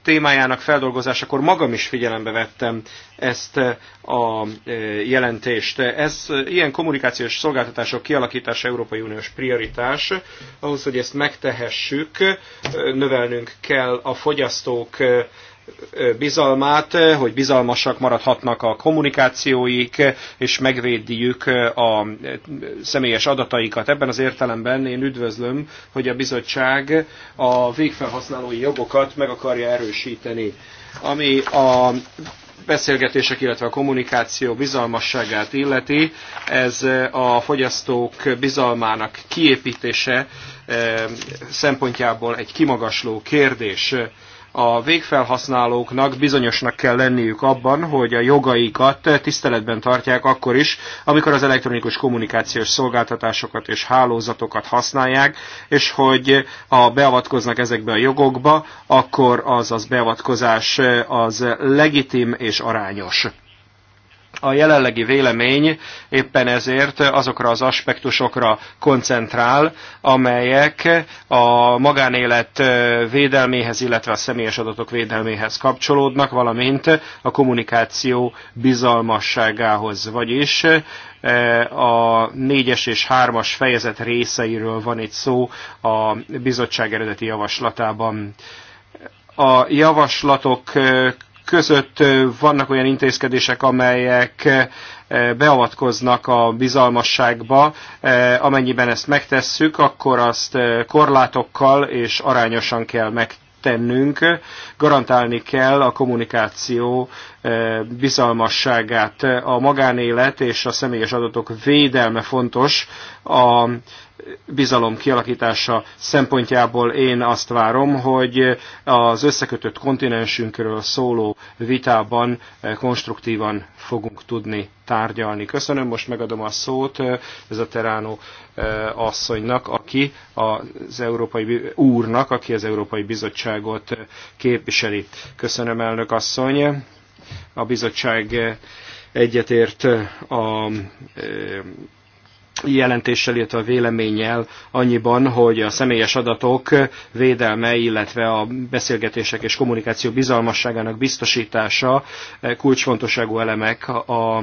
témájának feldolgozásakor magam is figyelembe vettem ezt eh, a eh, jelentést. Ez eh, ilyen kommunikációs szolgáltatások kialakítása Európai Uniós prioritás. Ahhoz, hogy ezt megtehessük, növelnünk kell a fogyasztók bizalmát, hogy bizalmasak maradhatnak a kommunikációik, és megvédjük a személyes adataikat. Ebben az értelemben én üdvözlöm, hogy a bizottság a végfelhasználói jogokat meg akarja erősíteni. Ami a beszélgetések, illetve a kommunikáció bizalmasságát illeti, ez a fogyasztók bizalmának kiépítése szempontjából egy kimagasló kérdés a végfelhasználóknak bizonyosnak kell lenniük abban, hogy a jogaikat tiszteletben tartják akkor is, amikor az elektronikus kommunikációs szolgáltatásokat és hálózatokat használják, és hogy ha beavatkoznak ezekbe a jogokba, akkor az az beavatkozás az legitim és arányos. A jelenlegi vélemény éppen ezért azokra az aspektusokra koncentrál, amelyek a magánélet védelméhez, illetve a személyes adatok védelméhez kapcsolódnak, valamint a kommunikáció bizalmasságához, vagyis eh, a négyes és hármas fejezet részeiről van itt szó a bizottság eredeti javaslatában. A javaslatok között vannak olyan intézkedések, amelyek beavatkoznak a bizalmasságba, amennyiben ezt megtesszük, akkor azt korlátokkal és arányosan kell megtennünk. tennünk, garantálni kell a kommunikáció bizalmasságát. A magánélet és a személyes adatok védelme fontos a bizalom kialakítása szempontjából én azt várom, hogy az összekötött kontinensünkről szóló vitában eh, konstruktívan fogunk tudni tárgyalni. Köszönöm, most megadom a szót ez eh, a Teránó eh, asszonynak, aki az Európai úrnak, aki az Európai Bizottságot képviseli. Köszönöm, elnök asszony. A bizottság egyetért a jelentéssel, illetve a véleménnyel annyiban, hogy a személyes adatok védelme, illetve a beszélgetések és kommunikáció bizalmasságának biztosítása kulcsfontosságú elemek a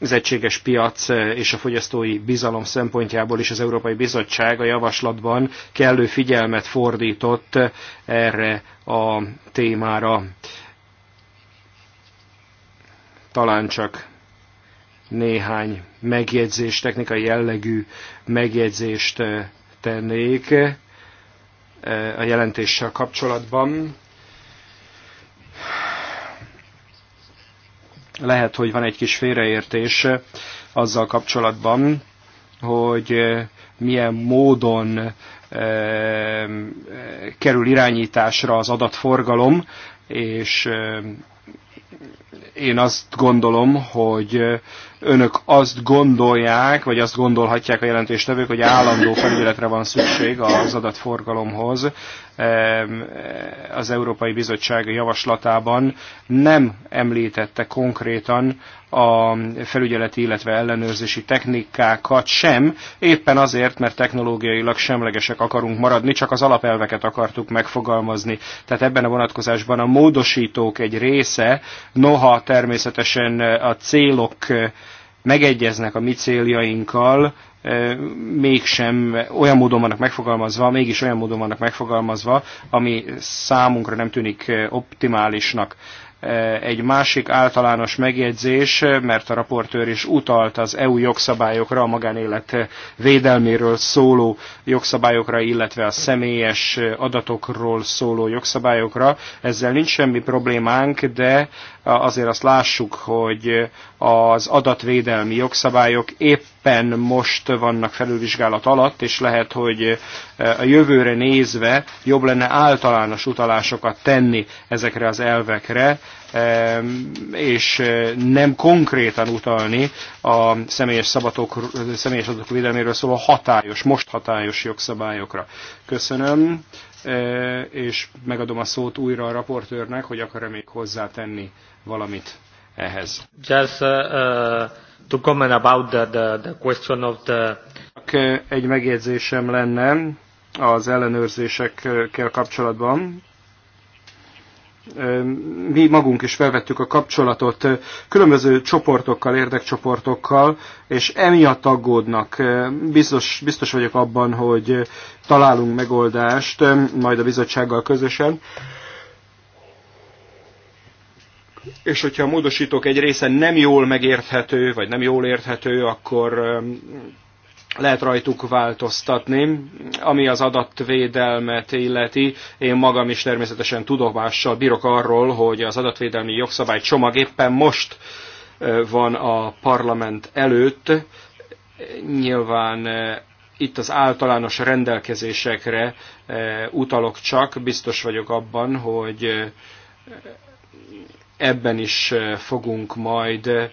az egységes piac és a fogyasztói bizalom szempontjából is az Európai Bizottság a javaslatban kellő figyelmet fordított erre a témára. Talán csak néhány megjegyzést, technikai jellegű megjegyzést eh, tennék eh, a jelentéssel kapcsolatban. Lehet, hogy van egy kis félreértés eh, azzal kapcsolatban, hogy milyen módon kerül irányításra az adatforgalom, és én azt gondolom, hogy önök azt gondolják, vagy azt gondolhatják a jelentéstevők, hogy állandó felügyeletre van szükség az adatforgalomhoz. Az Európai Bizottság javaslatában nem említette konkrétan a felügyeleti, illetve ellenőrzési technikákat sem, éppen azért, mert technológiailag semlegesek akarunk maradni, csak az alapelveket akartuk megfogalmazni. Tehát ebben a vonatkozásban a módosítók egy része, noha természetesen a célok megegyeznek a mi céljainkkal, eh, mégsem olyan módon vannak megfogalmazva, mégis olyan módon vannak megfogalmazva, ami számunkra nem tűnik eh, optimálisnak. Egy másik általános megjegyzés, mert a raportőr is utalt az EU jogszabályokra, a magánélet védelméről szóló jogszabályokra, illetve a személyes adatokról szóló jogszabályokra. Ezzel nincs semmi problémánk, de azért azt lássuk, hogy az adatvédelmi jogszabályok éppen most vannak felülvizsgálat alatt, és lehet, hogy e, a jövőre nézve jobb lenne általános utalásokat tenni ezekre az elvekre, e, és nem konkrétan utalni a személyes, szabatok, személyes adatok védelméről szóló hatályos, most hatályos jogszabályokra. Köszönöm e, és megadom a szót újra a raportőrnek, hogy akar-e még hozzátenni valamit ehhez. Just uh, uh, to comment about the, the, the question of the... Uh, egy megjegyzésem lenne az ellenőrzésekkel kapcsolatban. Uh, mi magunk is felvettük a kapcsolatot uh, különböző csoportokkal, érdekcsoportokkal, és emiatt aggódnak. Biztos, biztos vagyok abban, hogy találunk megoldást, um, majd a bizottsággal közösen és hogyha a módosítók egy része nem jól megérthető, vagy nem jól érthető, akkor lehet rajtuk változtatni. Ami az adatvédelmet illeti, én magam is természetesen tudomással bírok arról, hogy az adatvédelmi jogszabály csomag éppen most van a parlament előtt. Nyilván itt az általános rendelkezésekre utalok csak, biztos vagyok abban, hogy ebben is fogunk majd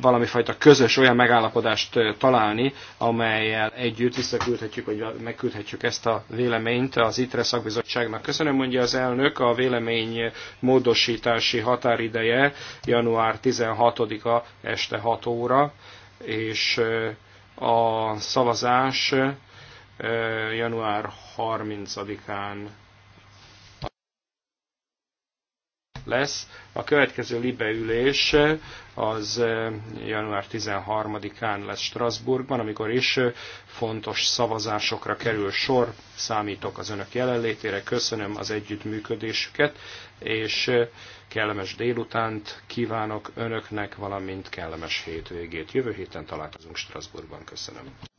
valami fajta közös olyan megállapodást találni, amelyel együtt visszaküldhetjük, vagy megküldhetjük ezt a véleményt az ITRE szakbizottságnak. Köszönöm, mondja az elnök, a vélemény módosítási határideje január 16-a este 6 óra, és a szavazás január 30-án lesz. A következő libeülés az eh, január 13-án lesz Strasbourgban, amikor is eh, fontos szavazásokra kerül sor. Számítok az önök jelenlétére, köszönöm az együttműködésüket, és eh, kellemes délutánt kívánok önöknek, valamint kellemes hétvégét. Jövő héten találkozunk Strasbourgban. Köszönöm.